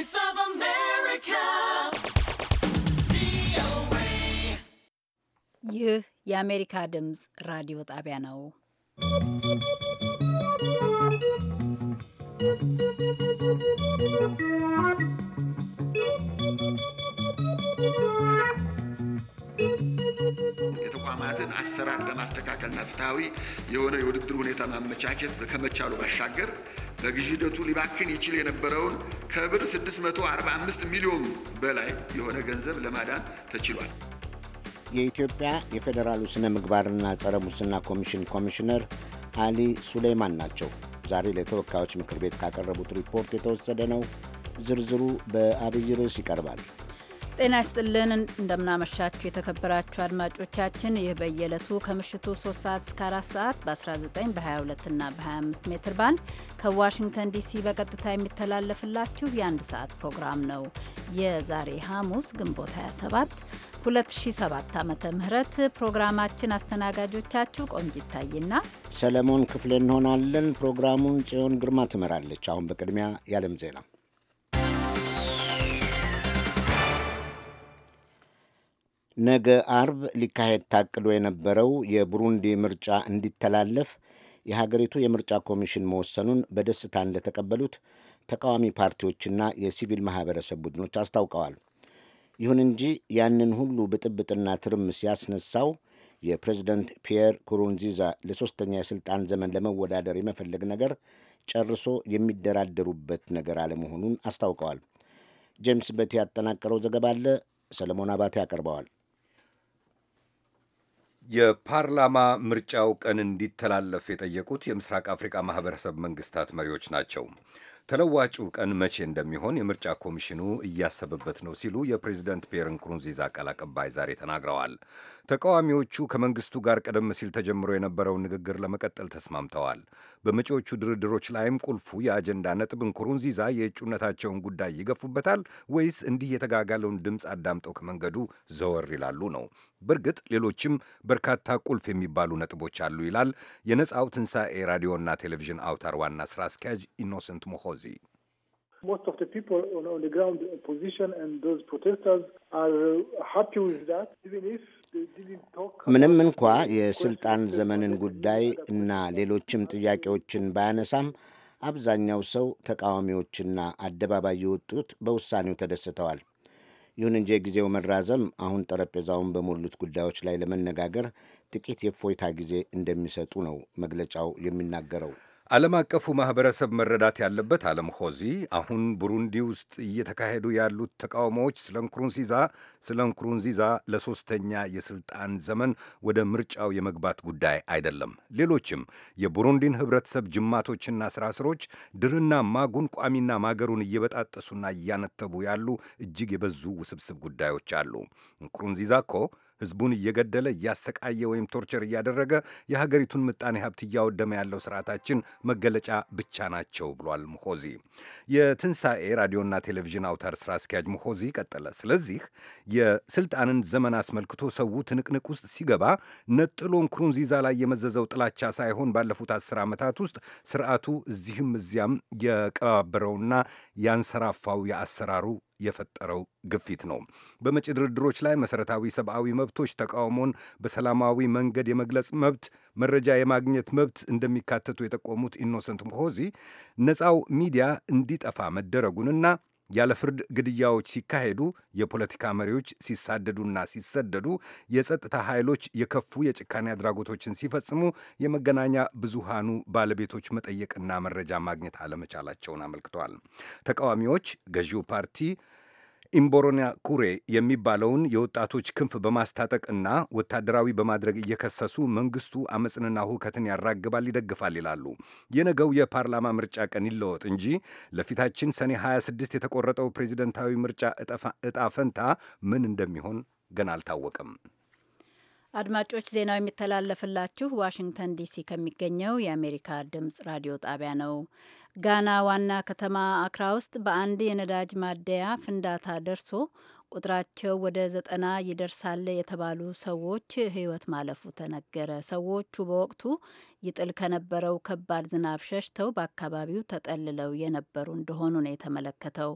Voice of America. ይህ የአሜሪካ ድምፅ ራዲዮ ጣቢያ ነው። የተቋማትን አሰራር ለማስተካከልና ፍትሐዊ የሆነ የውድድር ሁኔታ ማመቻቸት ከመቻሉ ባሻገር በግዢ ሂደቱ ሊባክን ይችል የነበረውን ከብር 645 ሚሊዮን በላይ የሆነ ገንዘብ ለማዳን ተችሏል። የኢትዮጵያ የፌዴራሉ ስነ ምግባርና ጸረ ሙስና ኮሚሽን ኮሚሽነር አሊ ሱሌይማን ናቸው ዛሬ ለተወካዮች ምክር ቤት ካቀረቡት ሪፖርት የተወሰደ ነው። ዝርዝሩ በአብይ ርዕስ ይቀርባል። ጤና ይስጥልን እንደምናመሻችሁ የተከበራችሁ አድማጮቻችን ይህ በየዕለቱ ከምሽቱ 3 ሰዓት እስከ 4 ሰዓት በ19 በ22 እና በ25 ሜትር ባንድ ከዋሽንግተን ዲሲ በቀጥታ የሚተላለፍላችሁ የአንድ ሰዓት ፕሮግራም ነው። የዛሬ ሐሙስ ግንቦት 27 2007 ዓመተ ምህረት ፕሮግራማችን አስተናጋጆቻችሁ ቆንጅ ይታይና ሰለሞን ክፍሌ እንሆናለን። ፕሮግራሙን ጽዮን ግርማ ትመራለች። አሁን በቅድሚያ ያለም ዜና ነገ አርብ ሊካሄድ ታቅዶ የነበረው የቡሩንዲ ምርጫ እንዲተላለፍ የሀገሪቱ የምርጫ ኮሚሽን መወሰኑን በደስታ እንደተቀበሉት ተቃዋሚ ፓርቲዎችና የሲቪል ማህበረሰብ ቡድኖች አስታውቀዋል። ይሁን እንጂ ያንን ሁሉ ብጥብጥና ትርምስ ያስነሳው የፕሬዚደንት ፒየር ኩሩንዚዛ ለሦስተኛ የሥልጣን ዘመን ለመወዳደር የመፈለግ ነገር ጨርሶ የሚደራደሩበት ነገር አለመሆኑን አስታውቀዋል። ጄምስ በቲ ያጠናቀረው ዘገባ አለ። ሰለሞን አባቴ ያቀርበዋል። የፓርላማ ምርጫው ቀን እንዲተላለፍ የጠየቁት የምስራቅ አፍሪካ ማህበረሰብ መንግስታት መሪዎች ናቸው። ተለዋጩ ቀን መቼ እንደሚሆን የምርጫ ኮሚሽኑ እያሰበበት ነው ሲሉ የፕሬዚደንት ፒየር ንኩሩንዚዛ ቃል አቀባይ ዛሬ ተናግረዋል። ተቃዋሚዎቹ ከመንግስቱ ጋር ቀደም ሲል ተጀምሮ የነበረውን ንግግር ለመቀጠል ተስማምተዋል። በመጪዎቹ ድርድሮች ላይም ቁልፉ የአጀንዳ ነጥብ እንኩሩንዚዛ የእጩነታቸውን ጉዳይ ይገፉበታል ወይስ እንዲህ የተጋጋለውን ድምፅ አዳምጠው ከመንገዱ ዘወር ይላሉ ነው። በእርግጥ ሌሎችም በርካታ ቁልፍ የሚባሉ ነጥቦች አሉ ይላል የነጻው ትንሣኤ ራዲዮና ቴሌቪዥን አውታር ዋና ስራ አስኪያጅ ኢኖሰንት ሞሆዚ። ምንም እንኳ የሥልጣን ዘመንን ጉዳይ እና ሌሎችም ጥያቄዎችን ባያነሳም አብዛኛው ሰው ተቃዋሚዎችና አደባባይ የወጡት በውሳኔው ተደስተዋል። ይሁን እንጂ የጊዜው መራዘም አሁን ጠረጴዛውን በሞሉት ጉዳዮች ላይ ለመነጋገር ጥቂት የእፎይታ ጊዜ እንደሚሰጡ ነው መግለጫው የሚናገረው። ዓለም አቀፉ ማኅበረሰብ መረዳት ያለበት ዓለም ሆዚ አሁን ቡሩንዲ ውስጥ እየተካሄዱ ያሉት ተቃውሞዎች ስለ ንኩሩንዚዛ ስለ ንኩሩንዚዛ ለሦስተኛ የሥልጣን ዘመን ወደ ምርጫው የመግባት ጉዳይ አይደለም። ሌሎችም የቡሩንዲን ኅብረተሰብ ጅማቶችና ሥራ ሥሮች ድርና ማጉን ቋሚና ማገሩን እየበጣጠሱና እያነተቡ ያሉ እጅግ የበዙ ውስብስብ ጉዳዮች አሉ። ንኩሩንዚዛ እኮ ህዝቡን እየገደለ እያሰቃየ ወይም ቶርቸር እያደረገ የሀገሪቱን ምጣኔ ሀብት እያወደመ ያለው ስርዓታችን መገለጫ ብቻ ናቸው ብሏል ምሆዚ። የትንሣኤ ራዲዮና ቴሌቪዥን አውታር ስራ አስኪያጅ ምሆዚ ቀጠለ። ስለዚህ የስልጣንን ዘመን አስመልክቶ ሰው ትንቅንቅ ውስጥ ሲገባ ነጥሎ ንኩሩንዚዛ ላይ የመዘዘው ጥላቻ ሳይሆን ባለፉት አስር ዓመታት ውስጥ ስርዓቱ እዚህም እዚያም የቀባበረውና ያንሰራፋው የአሰራሩ የፈጠረው ግፊት ነው። በመጪ ድርድሮች ላይ መሰረታዊ ሰብአዊ መብቶች፣ ተቃውሞን በሰላማዊ መንገድ የመግለጽ መብት፣ መረጃ የማግኘት መብት እንደሚካተቱ የጠቆሙት ኢኖሰንት ምሆዚ ነፃው ሚዲያ እንዲጠፋ መደረጉንና ያለ ፍርድ ግድያዎች ሲካሄዱ፣ የፖለቲካ መሪዎች ሲሳደዱና ሲሰደዱ፣ የጸጥታ ኃይሎች የከፉ የጭካኔ አድራጎቶችን ሲፈጽሙ የመገናኛ ብዙሃኑ ባለቤቶች መጠየቅና መረጃ ማግኘት አለመቻላቸውን አመልክተዋል። ተቃዋሚዎች ገዢው ፓርቲ ኢምቦሮና ኩሬ የሚባለውን የወጣቶች ክንፍ በማስታጠቅና ወታደራዊ በማድረግ እየከሰሱ መንግስቱ አመፅንና ሁከትን ያራግባል፣ ይደግፋል ይላሉ። የነገው የፓርላማ ምርጫ ቀን ይለወጥ እንጂ ለፊታችን ሰኔ 26 የተቆረጠው ፕሬዚደንታዊ ምርጫ እጣ ፈንታ ምን እንደሚሆን ገና አልታወቅም። አድማጮች ዜናው የሚተላለፍላችሁ ዋሽንግተን ዲሲ ከሚገኘው የአሜሪካ ድምጽ ራዲዮ ጣቢያ ነው። ጋና ዋና ከተማ አክራ ውስጥ በአንድ የነዳጅ ማደያ ፍንዳታ ደርሶ ቁጥራቸው ወደ ዘጠና ይደርሳል የተባሉ ሰዎች ሕይወት ማለፉ ተነገረ። ሰዎቹ በወቅቱ ይጥል ከነበረው ከባድ ዝናብ ሸሽተው በአካባቢው ተጠልለው የነበሩ እንደሆኑ ነው የተመለከተው።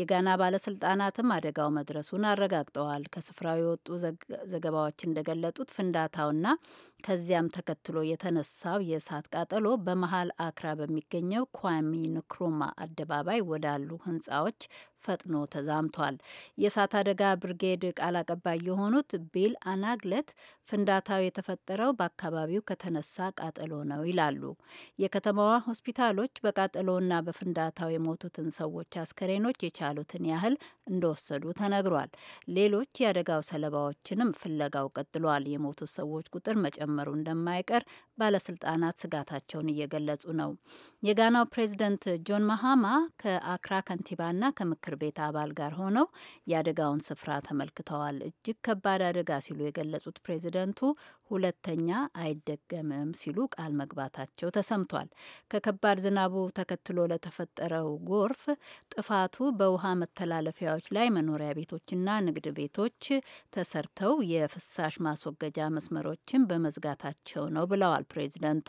የጋና ባለስልጣናትም አደጋው መድረሱን አረጋግጠዋል። ከስፍራው የወጡ ዘገባዎች እንደገለጡት ፍንዳታውና ከዚያም ተከትሎ የተነሳው የእሳት ቃጠሎ በመሀል አክራ በሚገኘው ኳሚ ንክሩማ አደባባይ ወዳሉ ህንጻዎች ፈጥኖ ተዛምቷል። የእሳት አደጋ ብርጌድ ቃል አቀባይ የሆኑት ቢል አናግለት ፍንዳታው የተፈጠረው በአካባቢው ከተነሳ ቃጠሎ ነው ይላሉ። የከተማዋ ሆስፒታሎች በቃጠሎና በፍንዳታው የሞቱትን ሰዎች አስከሬኖች የቻሉትን ያህል እንደወሰዱ ተነግሯል። ሌሎች የአደጋው ሰለባዎችንም ፍለጋው ቀጥሏል። የሞቱት ሰዎች ቁጥር መጨመሩ እንደማይቀር ባለስልጣናት ስጋታቸውን እየገለጹ ነው። የጋናው ፕሬዚደንት ጆን ማሃማ ከአክራ ከንቲባና ምክር ቤት አባል ጋር ሆነው የአደጋውን ስፍራ ተመልክተዋል። እጅግ ከባድ አደጋ ሲሉ የገለጹት ፕሬዚደንቱ ሁለተኛ አይደገምም ሲሉ ቃል መግባታቸው ተሰምቷል። ከከባድ ዝናቡ ተከትሎ ለተፈጠረው ጎርፍ ጥፋቱ በውሃ መተላለፊያዎች ላይ መኖሪያ ቤቶችና ንግድ ቤቶች ተሰርተው የፍሳሽ ማስወገጃ መስመሮችን በመዝጋታቸው ነው ብለዋል ፕሬዚደንቱ።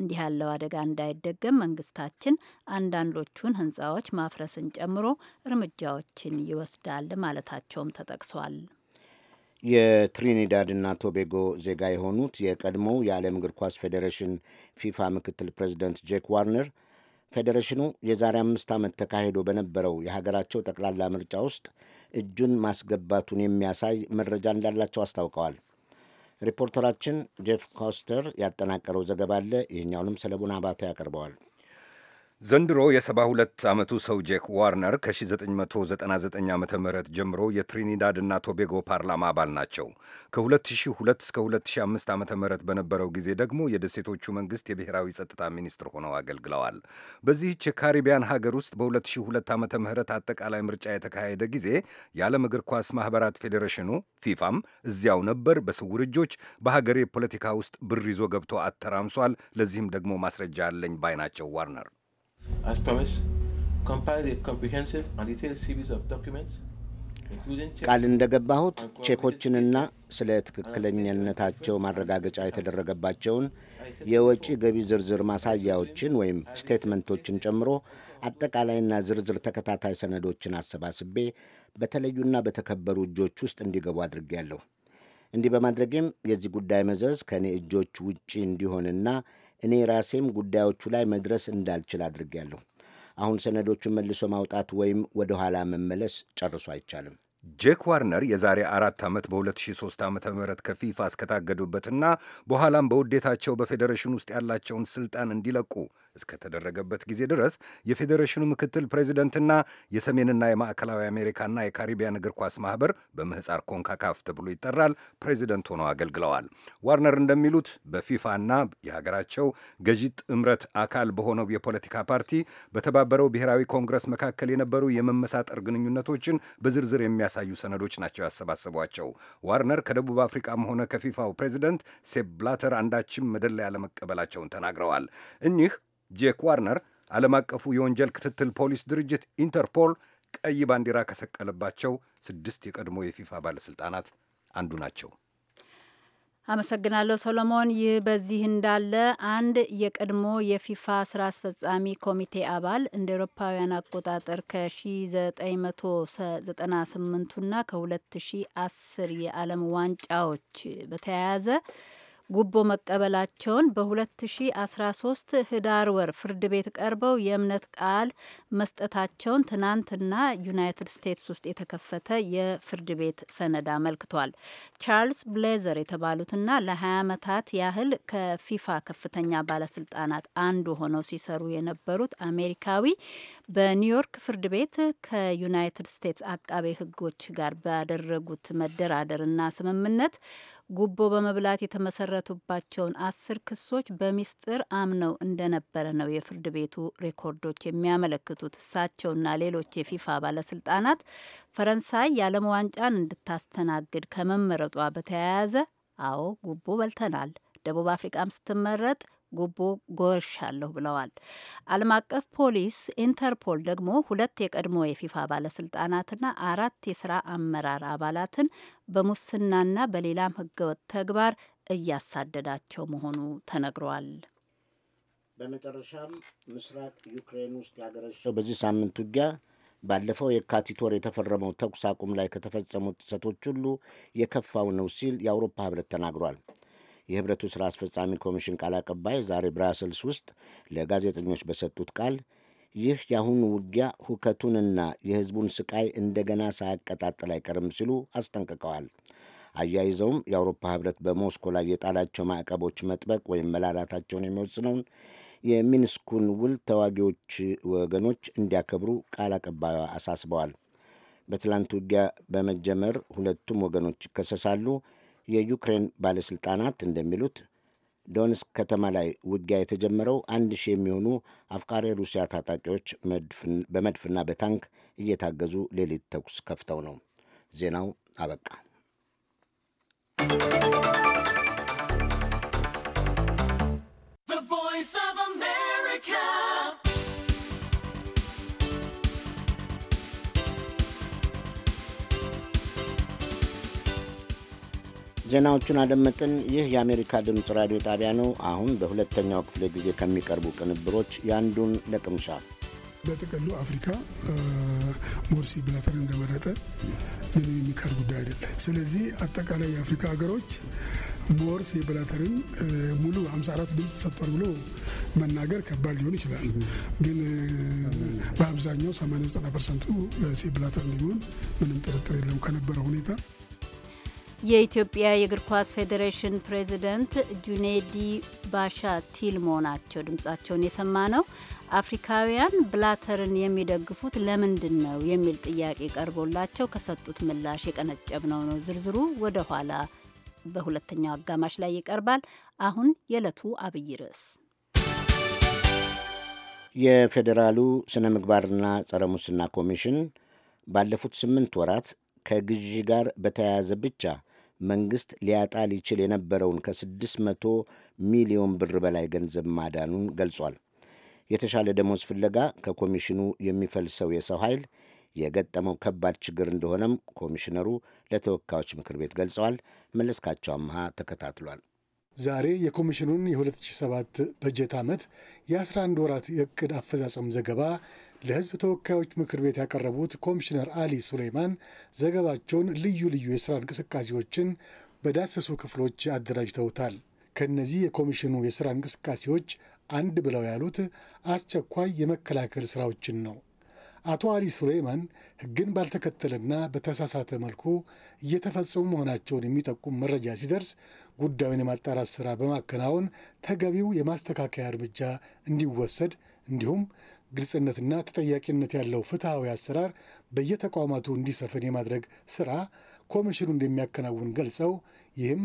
እንዲህ ያለው አደጋ እንዳይደገም መንግስታችን አንዳንዶቹን ህንጻዎች ማፍረስን ጨምሮ እርምጃዎችን ይወስዳል ማለታቸውም ተጠቅሷል። የትሪኒዳድ እና ቶቤጎ ዜጋ የሆኑት የቀድሞው የዓለም እግር ኳስ ፌዴሬሽን ፊፋ ምክትል ፕሬዚደንት ጄክ ዋርነር ፌዴሬሽኑ የዛሬ አምስት ዓመት ተካሂዶ በነበረው የሀገራቸው ጠቅላላ ምርጫ ውስጥ እጁን ማስገባቱን የሚያሳይ መረጃ እንዳላቸው አስታውቀዋል። ሪፖርተራችን ጄፍ ኮስተር ያጠናቀረው ዘገባ አለ። ይህኛውንም ሰለሞን አባተ ያቀርበዋል። ዘንድሮ የ72 ዓመቱ ሰው ጄክ ዋርነር ከ1999 ዓ ም ጀምሮ የትሪኒዳድ እና ቶቤጎ ፓርላማ አባል ናቸው። ከ2002 እስከ 2005 ዓ ም በነበረው ጊዜ ደግሞ የደሴቶቹ መንግሥት የብሔራዊ ጸጥታ ሚኒስትር ሆነው አገልግለዋል። በዚህች የካሪቢያን ሀገር ውስጥ በ2002 ዓ ም አጠቃላይ ምርጫ የተካሄደ ጊዜ የዓለም እግር ኳስ ማኅበራት ፌዴሬሽኑ ፊፋም እዚያው ነበር። በስውር እጆች በሀገሬ ፖለቲካ ውስጥ ብር ይዞ ገብቶ አተራምሷል። ለዚህም ደግሞ ማስረጃ አለኝ ባይ ናቸው ዋርነር As promised, compiled a comprehensive and detailed series of documents ቃል እንደገባሁት ቼኮችንና ስለ ትክክለኛነታቸው ማረጋገጫ የተደረገባቸውን የወጪ ገቢ ዝርዝር ማሳያዎችን ወይም ስቴትመንቶችን ጨምሮ አጠቃላይና ዝርዝር ተከታታይ ሰነዶችን አሰባስቤ በተለዩና በተከበሩ እጆች ውስጥ እንዲገቡ አድርጌያለሁ። እንዲህ በማድረጌም የዚህ ጉዳይ መዘዝ ከእኔ እጆች ውጪ እንዲሆንና እኔ ራሴም ጉዳዮቹ ላይ መድረስ እንዳልችል አድርጌያለሁ። አሁን ሰነዶቹን መልሶ ማውጣት ወይም ወደ ኋላ መመለስ ጨርሶ አይቻልም። ጄክ ዋርነር የዛሬ አራት ዓመት በ2003 ዓ ም ከፊፋ እስከታገዱበትና በኋላም በውዴታቸው በፌዴሬሽን ውስጥ ያላቸውን ስልጣን እንዲለቁ እስከተደረገበት ጊዜ ድረስ የፌዴሬሽኑ ምክትል ፕሬዚደንትና የሰሜንና የማዕከላዊ አሜሪካና የካሪቢያን እግር ኳስ ማህበር በምህፃር ኮንካካፍ ተብሎ ይጠራል ፕሬዚደንት ሆነው አገልግለዋል። ዋርነር እንደሚሉት በፊፋና የሀገራቸው ገዢ ጥምረት አካል በሆነው የፖለቲካ ፓርቲ በተባበረው ብሔራዊ ኮንግረስ መካከል የነበሩ የመመሳጠር ግንኙነቶችን በዝርዝር የሚያሳዩ ሰነዶች ናቸው ያሰባሰቧቸው። ዋርነር ከደቡብ አፍሪካም ሆነ ከፊፋው ፕሬዚደንት ሴፕ ብላተር አንዳችም መደለያ ለመቀበላቸውን ተናግረዋል። እኚህ ጄክ ዋርነር ዓለም አቀፉ የወንጀል ክትትል ፖሊስ ድርጅት ኢንተርፖል ቀይ ባንዲራ ከሰቀለባቸው ስድስት የቀድሞ የፊፋ ባለሥልጣናት አንዱ ናቸው። አመሰግናለሁ ሰሎሞን። ይህ በዚህ እንዳለ አንድ የቀድሞ የፊፋ ስራ አስፈጻሚ ኮሚቴ አባል እንደ ኤሮፓውያን አቆጣጠር ከ1998ና ከ2010 የዓለም ዋንጫዎች በተያያዘ ጉቦ መቀበላቸውን በ2013 ህዳር ወር ፍርድ ቤት ቀርበው የእምነት ቃል መስጠታቸውን ትናንትና ዩናይትድ ስቴትስ ውስጥ የተከፈተ የፍርድ ቤት ሰነድ አመልክቷል። ቻርልስ ብሌዘር የተባሉትና ለ20 ዓመታት ያህል ከፊፋ ከፍተኛ ባለስልጣናት አንዱ ሆነው ሲሰሩ የነበሩት አሜሪካዊ በኒውዮርክ ፍርድ ቤት ከዩናይትድ ስቴትስ አቃቤ ሕጎች ጋር ባደረጉት መደራደርና ስምምነት ጉቦ በመብላት የተመሰረቱባቸውን አስር ክሶች በሚስጥር አምነው እንደነበረ ነው የፍርድ ቤቱ ሬኮርዶች የሚያመለክቱት። እሳቸውና ሌሎች የፊፋ ባለስልጣናት ፈረንሳይ የዓለም ዋንጫን እንድታስተናግድ ከመመረጧ በተያያዘ አዎ ጉቦ በልተናል፣ ደቡብ አፍሪቃም ስትመረጥ ጉቦ ጎርሻለሁ ብለዋል። ዓለም አቀፍ ፖሊስ ኢንተርፖል ደግሞ ሁለት የቀድሞ የፊፋ ባለስልጣናትና አራት የስራ አመራር አባላትን በሙስናና በሌላም ህገወጥ ተግባር እያሳደዳቸው መሆኑ ተነግሯል። በመጨረሻም ምስራቅ ዩክሬን ውስጥ ያገረሸው በዚህ ሳምንት ውጊያ ባለፈው የካቲት ወር የተፈረመው ተኩስ አቁም ላይ ከተፈጸሙት ጥሰቶች ሁሉ የከፋው ነው ሲል የአውሮፓ ህብረት ተናግሯል። የህብረቱ ሥራ አስፈጻሚ ኮሚሽን ቃል አቀባይ ዛሬ ብራስልስ ውስጥ ለጋዜጠኞች በሰጡት ቃል ይህ የአሁኑ ውጊያ ሁከቱንና የህዝቡን ስቃይ እንደገና ሳያቀጣጥል አይቀርም ሲሉ አስጠንቅቀዋል። አያይዘውም የአውሮፓ ህብረት በሞስኮ ላይ የጣላቸው ማዕቀቦች መጥበቅ ወይም መላላታቸውን የሚወስነውን የሚንስኩን ውል ተዋጊዎች ወገኖች እንዲያከብሩ ቃል አቀባዩ አሳስበዋል። በትላንት ውጊያ በመጀመር ሁለቱም ወገኖች ይከሰሳሉ። የዩክሬን ባለሥልጣናት እንደሚሉት ዶንስክ ከተማ ላይ ውጊያ የተጀመረው አንድ ሺህ የሚሆኑ አፍቃሪ ሩሲያ ታጣቂዎች በመድፍና በታንክ እየታገዙ ሌሊት ተኩስ ከፍተው ነው። ዜናው አበቃ። ዜናዎቹን አደመጥን። ይህ የአሜሪካ ድምፅ ራዲዮ ጣቢያ ነው። አሁን በሁለተኛው ክፍለ ጊዜ ከሚቀርቡ ቅንብሮች የአንዱን ለቅምሻ በጥቅሉ አፍሪካ ሞርሲ ብላተር እንደመረጠ ምንም የሚካድ ጉዳይ አይደለም። ስለዚህ አጠቃላይ የአፍሪካ ሀገሮች ሞርሲ ብላተርን ሙሉ 54 ድምፅ ሰጥቷል ብሎ መናገር ከባድ ሊሆን ይችላል። ግን በአብዛኛው 89 ፐርሰንቱ ሲ ብላተር እንደሚሆን ምንም ጥርጥር የለም ከነበረው ሁኔታ የኢትዮጵያ የእግር ኳስ ፌዴሬሽን ፕሬዚደንት ጁኔዲ ባሻ ቲልሞ ናቸው። ድምጻቸውን የሰማ ነው። አፍሪካውያን ብላተርን የሚደግፉት ለምንድን ነው የሚል ጥያቄ ቀርቦላቸው ከሰጡት ምላሽ የቀነጨብነው ነው። ዝርዝሩ ወደ ኋላ በሁለተኛው አጋማሽ ላይ ይቀርባል። አሁን የዕለቱ አብይ ርዕስ የፌዴራሉ ስነ ምግባርና ጸረ ሙስና ኮሚሽን ባለፉት ስምንት ወራት ከግዢ ጋር በተያያዘ ብቻ መንግሥት ሊያጣ ሊችል የነበረውን ከ600 ሚሊዮን ብር በላይ ገንዘብ ማዳኑን ገልጿል። የተሻለ ደሞዝ ፍለጋ ከኮሚሽኑ የሚፈልሰው የሰው ኃይል የገጠመው ከባድ ችግር እንደሆነም ኮሚሽነሩ ለተወካዮች ምክር ቤት ገልጸዋል። መለስካቸው አምሃ ተከታትሏል። ዛሬ የኮሚሽኑን የ2007 በጀት ዓመት የ11 ወራት የእቅድ አፈጻጸም ዘገባ ለህዝብ ተወካዮች ምክር ቤት ያቀረቡት ኮሚሽነር አሊ ሱሌይማን ዘገባቸውን ልዩ ልዩ የስራ እንቅስቃሴዎችን በዳሰሱ ክፍሎች አደራጅተውታል። ከእነዚህ የኮሚሽኑ የስራ እንቅስቃሴዎች አንድ ብለው ያሉት አስቸኳይ የመከላከል ስራዎችን ነው። አቶ አሊ ሱሌይማን ሕግን ባልተከተለና በተሳሳተ መልኩ እየተፈጸሙ መሆናቸውን የሚጠቁም መረጃ ሲደርስ ጉዳዩን የማጣራት ስራ በማከናወን ተገቢው የማስተካከያ እርምጃ እንዲወሰድ እንዲሁም ግልጽነትና ተጠያቂነት ያለው ፍትሐዊ አሰራር በየተቋማቱ እንዲሰፍን የማድረግ ስራ ኮሚሽኑ እንደሚያከናውን ገልጸው ይህም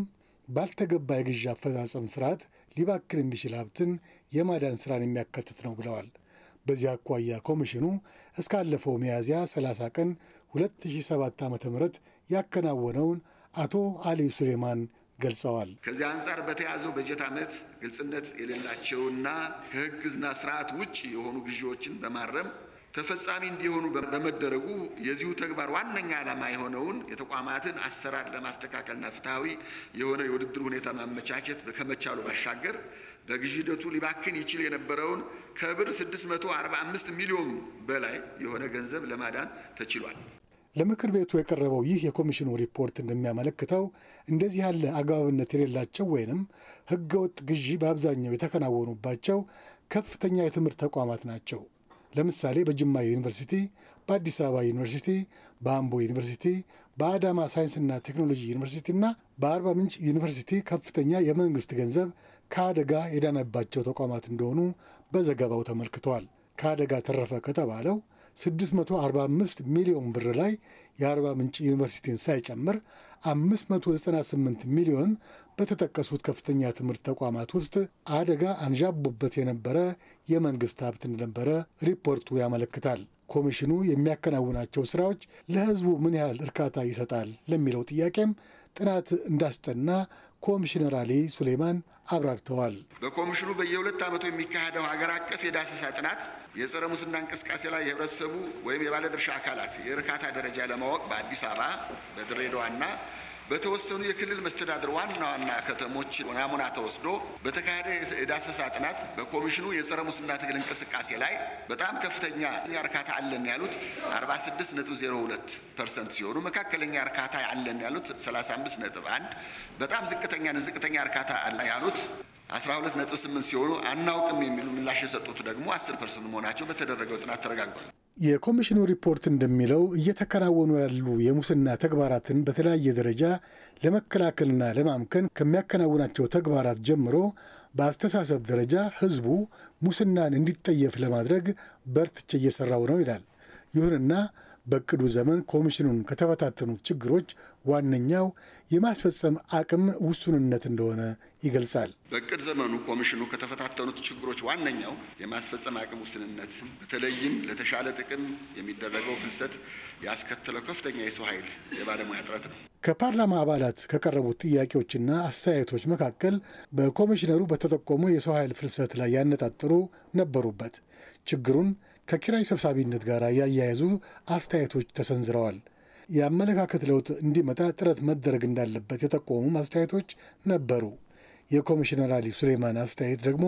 ባልተገባ የግዥ አፈጻጸም ስርዓት ሊባክን የሚችል ሀብትን የማዳን ስራን የሚያካትት ነው ብለዋል። በዚህ አኳያ ኮሚሽኑ እስካለፈው ሚያዝያ 30 ቀን 2007 ዓ ም ያከናወነውን አቶ አሊ ሱሌማን ገልጸዋል። ከዚህ አንጻር በተያዘው በጀት ዓመት ግልጽነት የሌላቸውና ከህግና ስርዓት ውጭ የሆኑ ግዢዎችን በማረም ተፈጻሚ እንዲሆኑ በመደረጉ የዚሁ ተግባር ዋነኛ ዓላማ የሆነውን የተቋማትን አሰራር ለማስተካከልና ፍትሐዊ የሆነ የውድድር ሁኔታ ማመቻቸት ከመቻሉ ባሻገር በግዢ ሂደቱ ሊባክን ይችል የነበረውን ከብር 645 ሚሊዮን በላይ የሆነ ገንዘብ ለማዳን ተችሏል። ለምክር ቤቱ የቀረበው ይህ የኮሚሽኑ ሪፖርት እንደሚያመለክተው እንደዚህ ያለ አግባብነት የሌላቸው ወይንም ህገወጥ ግዢ በአብዛኛው የተከናወኑባቸው ከፍተኛ የትምህርት ተቋማት ናቸው። ለምሳሌ በጅማ ዩኒቨርሲቲ፣ በአዲስ አበባ ዩኒቨርሲቲ፣ በአምቦ ዩኒቨርሲቲ፣ በአዳማ ሳይንስና ቴክኖሎጂ ዩኒቨርሲቲና በአርባ ምንጭ ዩኒቨርሲቲ ከፍተኛ የመንግስት ገንዘብ ከአደጋ የዳነባቸው ተቋማት እንደሆኑ በዘገባው ተመልክተዋል። ከአደጋ ተረፈ ከተባለው 645 ሚሊዮን ብር ላይ የአርባ ምንጭ ዩኒቨርሲቲን ሳይጨምር 598 ሚሊዮን በተጠቀሱት ከፍተኛ ትምህርት ተቋማት ውስጥ አደጋ አንዣቦበት የነበረ የመንግስት ሀብት እንደነበረ ሪፖርቱ ያመለክታል። ኮሚሽኑ የሚያከናውናቸው ስራዎች ለህዝቡ ምን ያህል እርካታ ይሰጣል ለሚለው ጥያቄም ጥናት እንዳስጠና ኮሚሽነር አሊ ሱሌማን አብራርተዋል። በኮሚሽኑ በየሁለት ዓመቱ የሚካሄደው ሀገር አቀፍ የዳሰሳ ጥናት የጸረ ሙስና እንቅስቃሴ ላይ የህብረተሰቡ ወይም የባለድርሻ አካላት የእርካታ ደረጃ ለማወቅ በአዲስ አበባ በድሬዳዋና በተወሰኑ የክልል መስተዳድር ዋና ዋና ከተሞች ናሙና ተወስዶ በተካሄደ የዳሰሳ ጥናት በኮሚሽኑ የጸረ ሙስና ትግል እንቅስቃሴ ላይ በጣም ከፍተኛ እርካታ አለን ያሉት 46.02 ፐርሰንት ሲሆኑ መካከለኛ እርካታ አለን ያሉት 35.1፣ በጣም ዝቅተኛ ዝቅተኛ እርካታ ያሉት 12.8 ሲሆኑ አናውቅም የሚሉ ምላሽ የሰጡት ደግሞ 10 ፐርሰንት መሆናቸው በተደረገው ጥናት ተረጋግጧል። የኮሚሽኑ ሪፖርት እንደሚለው እየተከናወኑ ያሉ የሙስና ተግባራትን በተለያየ ደረጃ ለመከላከልና ለማምከን ከሚያከናውናቸው ተግባራት ጀምሮ በአስተሳሰብ ደረጃ ሕዝቡ ሙስናን እንዲጠየፍ ለማድረግ በርትቼ እየሰራው ነው ይላል። ይሁንና በእቅዱ ዘመን ኮሚሽኑን ከተፈታተኑት ችግሮች ዋነኛው የማስፈጸም አቅም ውሱንነት እንደሆነ ይገልጻል። በእቅድ ዘመኑ ኮሚሽኑ ከተፈታተኑት ችግሮች ዋነኛው የማስፈጸም አቅም ውስንነት፣ በተለይም ለተሻለ ጥቅም የሚደረገው ፍልሰት ያስከተለው ከፍተኛ የሰው ኃይል የባለሙያ እጥረት ነው። ከፓርላማ አባላት ከቀረቡት ጥያቄዎችና አስተያየቶች መካከል በኮሚሽነሩ በተጠቆሙ የሰው ኃይል ፍልሰት ላይ ያነጣጠሩ ነበሩበት ችግሩን ከኪራይ ሰብሳቢነት ጋር ያያያዙ አስተያየቶች ተሰንዝረዋል። የአመለካከት ለውጥ እንዲመጣ ጥረት መደረግ እንዳለበት የጠቆሙም አስተያየቶች ነበሩ። የኮሚሽነር አሊ ሱሌማን አስተያየት ደግሞ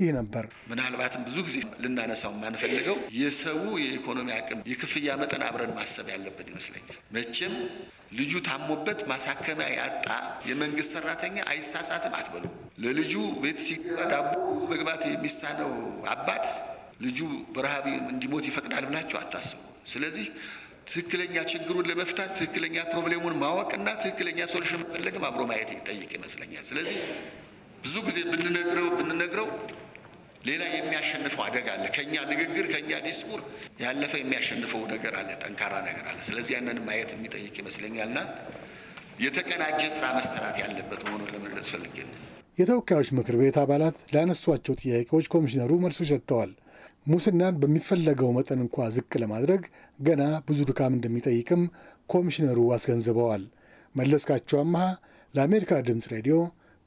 ይህ ነበር። ምናልባትም ብዙ ጊዜ ልናነሳው የማንፈልገው የሰው የኢኮኖሚ አቅም፣ የክፍያ መጠን አብረን ማሰብ ያለበት ይመስለኛል። መቼም ልጁ ታሞበት ማሳከሚያ ያጣ የመንግስት ሰራተኛ አይሳሳትም አትበሉ። ለልጁ ቤት ሲገባ ዳቦ መግባት የሚሳነው አባት ልጁ በረሃብ እንዲሞት ይፈቅዳል ብላችሁ አታስቡ። ስለዚህ ትክክለኛ ችግሩን ለመፍታት ትክክለኛ ፕሮብሌሙን ማወቅና ትክክለኛ ሶሉሽን መፈለግም አብሮ ማየት ይጠይቅ ይመስለኛል። ስለዚህ ብዙ ጊዜ ብንነግረው ብንነግረው ሌላ የሚያሸንፈው አደጋ አለ። ከኛ ንግግር ከኛ ዲስኩር ያለፈ የሚያሸንፈው ነገር አለ፣ ጠንካራ ነገር አለ። ስለዚህ ያንን ማየት የሚጠይቅ ይመስለኛልና የተቀናጀ ስራ መሰራት ያለበት መሆኑን ለመግለጽ ፈልጌ ነው። የተወካዮች ምክር ቤት አባላት ላነሷቸው ጥያቄዎች ኮሚሽነሩ መልሱ ሰጥተዋል። ሙስናን በሚፈለገው መጠን እንኳ ዝቅ ለማድረግ ገና ብዙ ድካም እንደሚጠይቅም ኮሚሽነሩ አስገንዝበዋል። መለስካቸው አመሃ ለአሜሪካ ድምፅ ሬዲዮ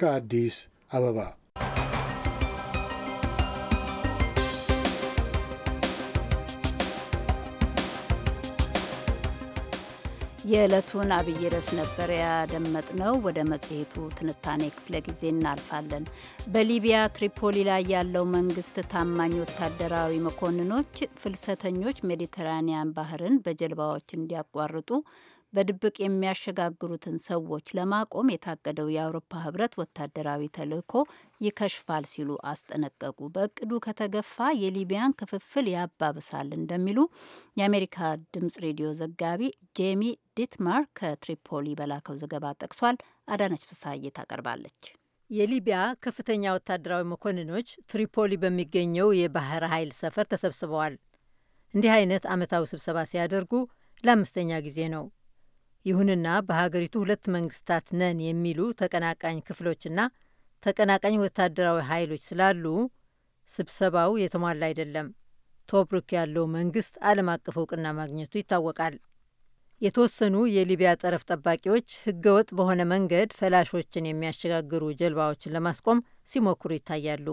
ከአዲስ አበባ የዕለቱን አብይ ርዕስ ነበር ያደመጥነው። ወደ መጽሔቱ ትንታኔ ክፍለ ጊዜ እናልፋለን። በሊቢያ ትሪፖሊ ላይ ያለው መንግስት ታማኝ ወታደራዊ መኮንኖች ፍልሰተኞች ሜዲተራኒያን ባህርን በጀልባዎች እንዲያቋርጡ በድብቅ የሚያሸጋግሩትን ሰዎች ለማቆም የታቀደው የአውሮፓ ህብረት ወታደራዊ ተልእኮ ይከሽፋል ሲሉ አስጠነቀቁ። በእቅዱ ከተገፋ የሊቢያን ክፍፍል ያባብሳል እንደሚሉ የአሜሪካ ድምጽ ሬዲዮ ዘጋቢ ጄሚ ዲትማር ከትሪፖሊ በላከው ዘገባ ጠቅሷል። አዳነች ፍሳሐዬ ታቀርባለች። የሊቢያ ከፍተኛ ወታደራዊ መኮንኖች ትሪፖሊ በሚገኘው የባህር ኃይል ሰፈር ተሰብስበዋል። እንዲህ አይነት ዓመታዊ ስብሰባ ሲያደርጉ ለአምስተኛ ጊዜ ነው። ይሁንና በሀገሪቱ ሁለት መንግስታት ነን የሚሉ ተቀናቃኝ ክፍሎችና ተቀናቃኝ ወታደራዊ ኃይሎች ስላሉ ስብሰባው የተሟላ አይደለም። ቶብሩክ ያለው መንግስት ዓለም አቀፍ እውቅና ማግኘቱ ይታወቃል። የተወሰኑ የሊቢያ ጠረፍ ጠባቂዎች ህገወጥ በሆነ መንገድ ፈላሾችን የሚያሸጋግሩ ጀልባዎችን ለማስቆም ሲሞክሩ ይታያሉ።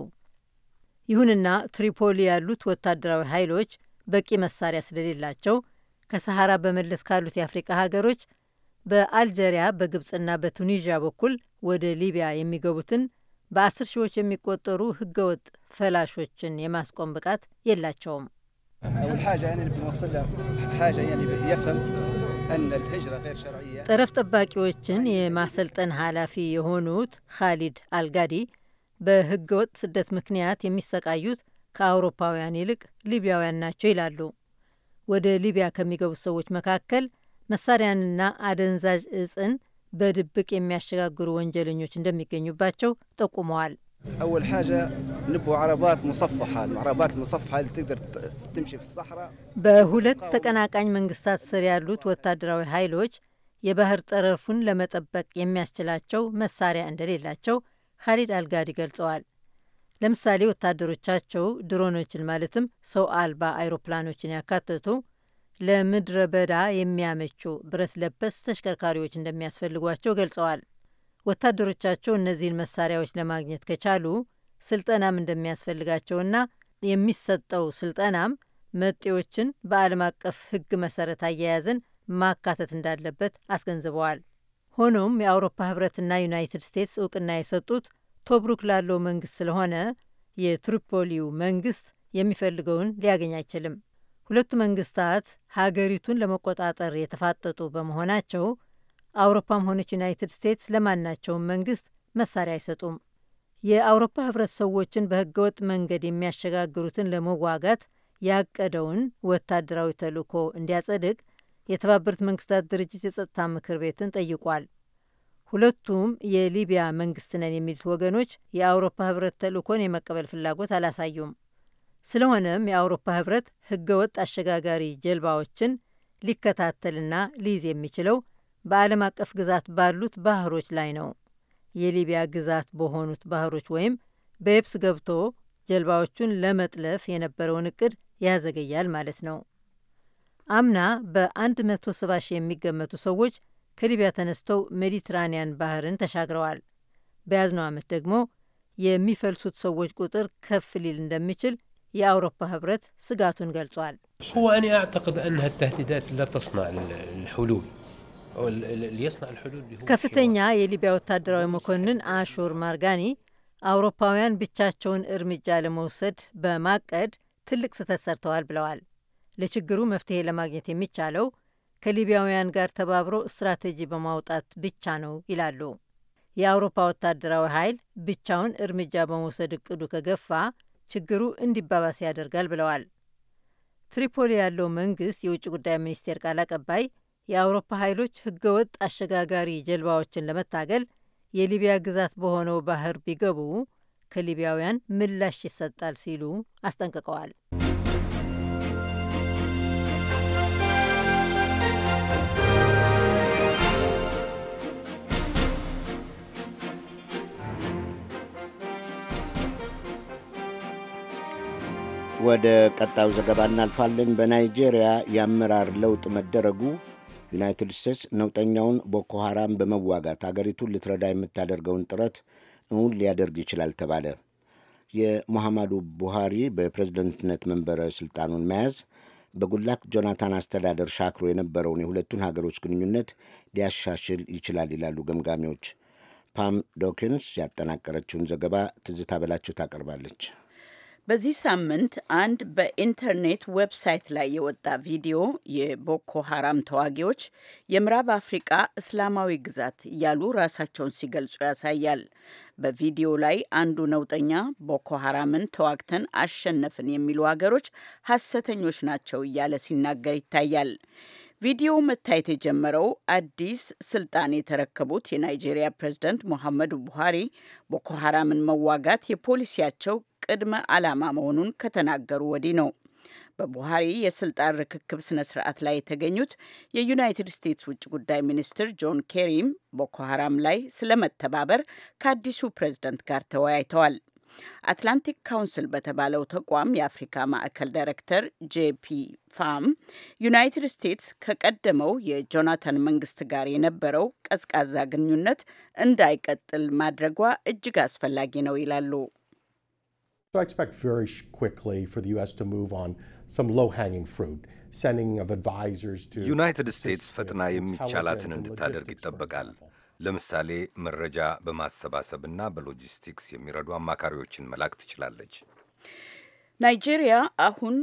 ይሁንና ትሪፖሊ ያሉት ወታደራዊ ኃይሎች በቂ መሳሪያ ስለሌላቸው ከሰሐራ በመለስ ካሉት የአፍሪቃ ሀገሮች በአልጀሪያ በግብፅና በቱኒዥያ በኩል ወደ ሊቢያ የሚገቡትን በአስር ሺዎች የሚቆጠሩ ህገወጥ ፈላሾችን የማስቆም ብቃት የላቸውም። ጠረፍ ጠባቂዎችን የማሰልጠን ኃላፊ የሆኑት ካሊድ አልጋዲ በህገወጥ ስደት ምክንያት የሚሰቃዩት ከአውሮፓውያን ይልቅ ሊቢያውያን ናቸው ይላሉ። ወደ ሊቢያ ከሚገቡት ሰዎች መካከል መሳሪያንና አደንዛዥ እጽን በድብቅ የሚያሸጋግሩ ወንጀለኞች እንደሚገኙባቸው ጠቁመዋል። اول حاجه نبغوا عربات مصفحه العربات المصفحه اللي تقدر تمشي في الصحراء በሁለት ተቀናቃኝ መንግስታት ስር ያሉት ወታደራዊ ኃይሎች የባህር ጠረፉን ለመጠበቅ የሚያስችላቸው መሳሪያ እንደሌላቸው ካሊድ አልጋዲ ገልጸዋል። ለምሳሌ ወታደሮቻቸው ድሮኖችን ማለትም ሰው አልባ አይሮፕላኖችን ያካተቱ ለምድረ በዳ የሚያመቹ ብረት ለበስ ተሽከርካሪዎች እንደሚያስፈልጓቸው ገልጸዋል። ወታደሮቻቸው እነዚህን መሳሪያዎች ለማግኘት ከቻሉ ስልጠናም እንደሚያስፈልጋቸውና የሚሰጠው ስልጠናም መጤዎችን በዓለም አቀፍ ሕግ መሰረት አያያዝን ማካተት እንዳለበት አስገንዝበዋል። ሆኖም የአውሮፓ ህብረትና ዩናይትድ ስቴትስ እውቅና የሰጡት ቶብሩክ ላለው መንግስት ስለሆነ የትሪፖሊው መንግስት የሚፈልገውን ሊያገኝ አይችልም። ሁለቱ መንግስታት ሀገሪቱን ለመቆጣጠር የተፋጠጡ በመሆናቸው አውሮፓም ሆነች ዩናይትድ ስቴትስ ለማናቸውም መንግስት መሳሪያ አይሰጡም። የአውሮፓ ህብረት ሰዎችን በህገወጥ መንገድ የሚያሸጋግሩትን ለመዋጋት ያቀደውን ወታደራዊ ተልእኮ እንዲያጸድቅ የተባበሩት መንግስታት ድርጅት የጸጥታ ምክር ቤትን ጠይቋል። ሁለቱም የሊቢያ መንግስት ነን የሚሉት ወገኖች የአውሮፓ ህብረት ተልእኮን የመቀበል ፍላጎት አላሳዩም። ስለሆነም የአውሮፓ ህብረት ህገወጥ አሸጋጋሪ ጀልባዎችን ሊከታተልና ሊይዝ የሚችለው በዓለም አቀፍ ግዛት ባሉት ባህሮች ላይ ነው። የሊቢያ ግዛት በሆኑት ባህሮች ወይም በየብስ ገብቶ ጀልባዎቹን ለመጥለፍ የነበረውን እቅድ ያዘገያል ማለት ነው። አምና በ170 ሺህ የሚገመቱ ሰዎች ከሊቢያ ተነስተው ሜዲትራኒያን ባህርን ተሻግረዋል። በያዝነው ዓመት ደግሞ የሚፈልሱት ሰዎች ቁጥር ከፍ ሊል እንደሚችል የአውሮፓ ህብረት ስጋቱን ገልጿል። ከፍተኛ የሊቢያ ወታደራዊ መኮንን አሹር ማርጋኒ አውሮፓውያን ብቻቸውን እርምጃ ለመውሰድ በማቀድ ትልቅ ስህተት ሰርተዋል ብለዋል። ለችግሩ መፍትሄ ለማግኘት የሚቻለው ከሊቢያውያን ጋር ተባብሮ ስትራቴጂ በማውጣት ብቻ ነው ይላሉ። የአውሮፓ ወታደራዊ ኃይል ብቻውን እርምጃ በመውሰድ እቅዱ ከገፋ ችግሩ እንዲባባስ ያደርጋል ብለዋል። ትሪፖሊ ያለው መንግስት የውጭ ጉዳይ ሚኒስቴር ቃል አቀባይ የአውሮፓ ኃይሎች ህገወጥ አሸጋጋሪ ጀልባዎችን ለመታገል የሊቢያ ግዛት በሆነው ባህር ቢገቡ ከሊቢያውያን ምላሽ ይሰጣል ሲሉ አስጠንቅቀዋል። ወደ ቀጣዩ ዘገባ እናልፋለን። በናይጄሪያ የአመራር ለውጥ መደረጉ ዩናይትድ ስቴትስ ነውጠኛውን ቦኮ ሐራም በመዋጋት አገሪቱን ልትረዳ የምታደርገውን ጥረት እውን ሊያደርግ ይችላል ተባለ። የሙሐማዱ ቡሃሪ በፕሬዝደንትነት መንበረ ሥልጣኑን መያዝ በጉላክ ጆናታን አስተዳደር ሻክሮ የነበረውን የሁለቱን ሀገሮች ግንኙነት ሊያሻሽል ይችላል ይላሉ ገምጋሚዎች። ፓም ዶኪንስ ያጠናቀረችውን ዘገባ ትዝታ በላቸው ታቀርባለች። በዚህ ሳምንት አንድ በኢንተርኔት ዌብሳይት ላይ የወጣ ቪዲዮ የቦኮ ሀራም ተዋጊዎች የምዕራብ አፍሪቃ እስላማዊ ግዛት እያሉ ራሳቸውን ሲገልጹ ያሳያል። በቪዲዮ ላይ አንዱ ነውጠኛ ቦኮ ሀራምን ተዋግተን አሸነፍን የሚሉ ሀገሮች ሀሰተኞች ናቸው እያለ ሲናገር ይታያል። ቪዲዮ መታየት የጀመረው አዲስ ስልጣን የተረከቡት የናይጄሪያ ፕሬዝደንት ሙሐመዱ ቡሃሪ ቦኮ ሀራምን መዋጋት የፖሊሲያቸው ቅድመ ዓላማ መሆኑን ከተናገሩ ወዲህ ነው። በቡሃሪ የስልጣን ርክክብ ስነ ስርዓት ላይ የተገኙት የዩናይትድ ስቴትስ ውጭ ጉዳይ ሚኒስትር ጆን ኬሪም ቦኮ ሀራም ላይ ስለመተባበር ከአዲሱ ፕሬዝደንት ጋር ተወያይተዋል። አትላንቲክ ካውንስል በተባለው ተቋም የአፍሪካ ማዕከል ዳይሬክተር ጄፒ ፋም ዩናይትድ ስቴትስ ከቀደመው የጆናታን መንግስት ጋር የነበረው ቀዝቃዛ ግንኙነት እንዳይቀጥል ማድረጓ እጅግ አስፈላጊ ነው ይላሉ። So I expect very quickly for the U.S. to move on some low-hanging fruit, sending of advisors to... United States ፈተና የሚቻላትን እንድታደርግ ይጠበቃል። ለምሳሌ መረጃ በማሰባሰብና በሎጂስቲክስ የሚረዱ አማካሪዎችን መላክ ትችላለች። ናይጄሪያ አሁን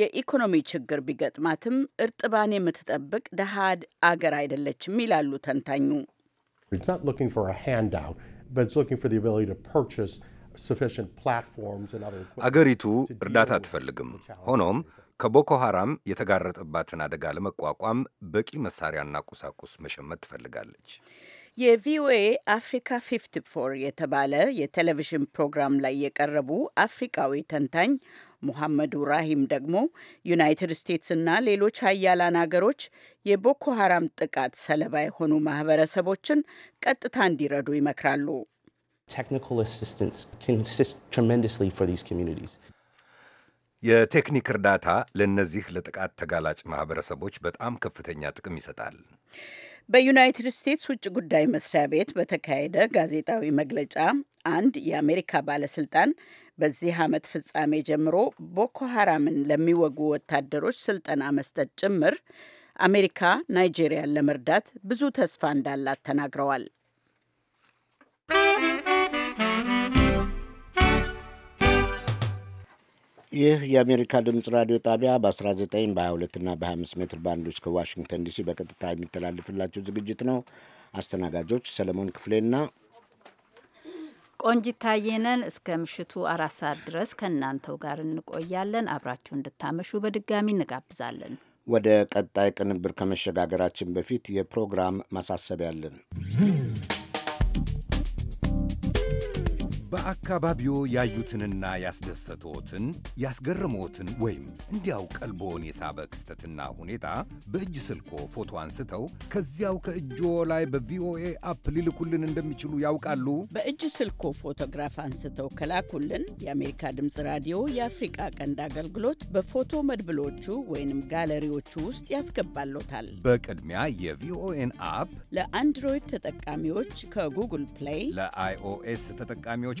የኢኮኖሚ ችግር ቢገጥማትም እርጥባን የምትጠብቅ ደሃድ አገር አይደለችም ይላሉ ተንታኙ። It's not looking for a handout, but it's looking for the ability to purchase አገሪቱ እርዳታ አትፈልግም። ሆኖም ከቦኮ ሐራም የተጋረጠባትን አደጋ ለመቋቋም በቂ መሳሪያና ቁሳቁስ መሸመት ትፈልጋለች። የቪኦኤ አፍሪካ 54 የተባለ የቴሌቪዥን ፕሮግራም ላይ የቀረቡ አፍሪካዊ ተንታኝ ሙሐመዱ ራሂም ደግሞ ዩናይትድ ስቴትስና ሌሎች ሀያላን አገሮች የቦኮ ሐራም ጥቃት ሰለባ የሆኑ ማህበረሰቦችን ቀጥታ እንዲረዱ ይመክራሉ። technical assistance can assist tremendously for these communities. የቴክኒክ እርዳታ ለእነዚህ ለጥቃት ተጋላጭ ማህበረሰቦች በጣም ከፍተኛ ጥቅም ይሰጣል። በዩናይትድ ስቴትስ ውጭ ጉዳይ መስሪያ ቤት በተካሄደ ጋዜጣዊ መግለጫ አንድ የአሜሪካ ባለስልጣን በዚህ ዓመት ፍጻሜ ጀምሮ ቦኮ ሐራምን ለሚወጉ ወታደሮች ስልጠና መስጠት ጭምር አሜሪካ ናይጄሪያን ለመርዳት ብዙ ተስፋ እንዳላት ተናግረዋል። ይህ የአሜሪካ ድምፅ ራዲዮ ጣቢያ በ19 በ22 እና በ25 ሜትር ባንዶች ከዋሽንግተን ዲሲ በቀጥታ የሚተላልፍላቸው ዝግጅት ነው። አስተናጋጆች ሰለሞን ክፍሌና ቆንጂት ታየነን እስከ ምሽቱ አራት ሰዓት ድረስ ከእናንተው ጋር እንቆያለን። አብራችሁ እንድታመሹ በድጋሚ እንጋብዛለን። ወደ ቀጣይ ቅንብር ከመሸጋገራችን በፊት የፕሮግራም ማሳሰቢያ አለን። በአካባቢዎ ያዩትንና ያስደሰተዎትን ያስገረመዎትን ወይም እንዲያው ቀልቦን የሳበ ክስተትና ሁኔታ በእጅ ስልኮ ፎቶ አንስተው ከዚያው ከእጆ ላይ በቪኦኤ አፕ ሊልኩልን እንደሚችሉ ያውቃሉ? በእጅ ስልኮ ፎቶግራፍ አንስተው ከላኩልን የአሜሪካ ድምፅ ራዲዮ የአፍሪቃ ቀንድ አገልግሎት በፎቶ መድብሎቹ ወይንም ጋለሪዎቹ ውስጥ ያስገባሎታል። በቅድሚያ የቪኦኤን አፕ ለአንድሮይድ ተጠቃሚዎች ከጉግል ፕሌይ፣ ለአይኦኤስ ተጠቃሚዎች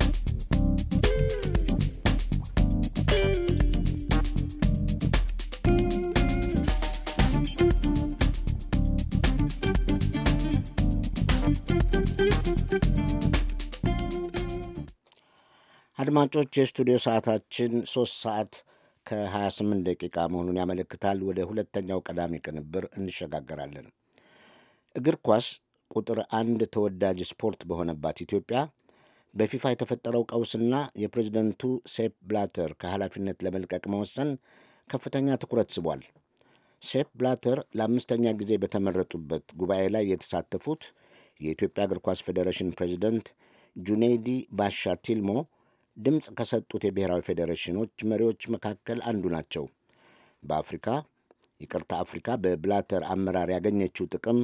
አድማጮች የስቱዲዮ ሰዓታችን ሶስት ሰዓት ከ28 ደቂቃ መሆኑን ያመለክታል። ወደ ሁለተኛው ቀዳሚ ቅንብር እንሸጋገራለን። እግር ኳስ ቁጥር አንድ ተወዳጅ ስፖርት በሆነባት ኢትዮጵያ በፊፋ የተፈጠረው ቀውስና የፕሬዚደንቱ ሴፕ ብላተር ከኃላፊነት ለመልቀቅ መወሰን ከፍተኛ ትኩረት ስቧል። ሴፕ ብላተር ለአምስተኛ ጊዜ በተመረጡበት ጉባኤ ላይ የተሳተፉት የኢትዮጵያ እግር ኳስ ፌዴሬሽን ፕሬዚደንት ጁኔይዲ ባሻ ቲልሞ ድምፅ ከሰጡት የብሔራዊ ፌዴሬሽኖች መሪዎች መካከል አንዱ ናቸው። በአፍሪካ ይቅርታ አፍሪካ በብላተር አመራር ያገኘችው ጥቅም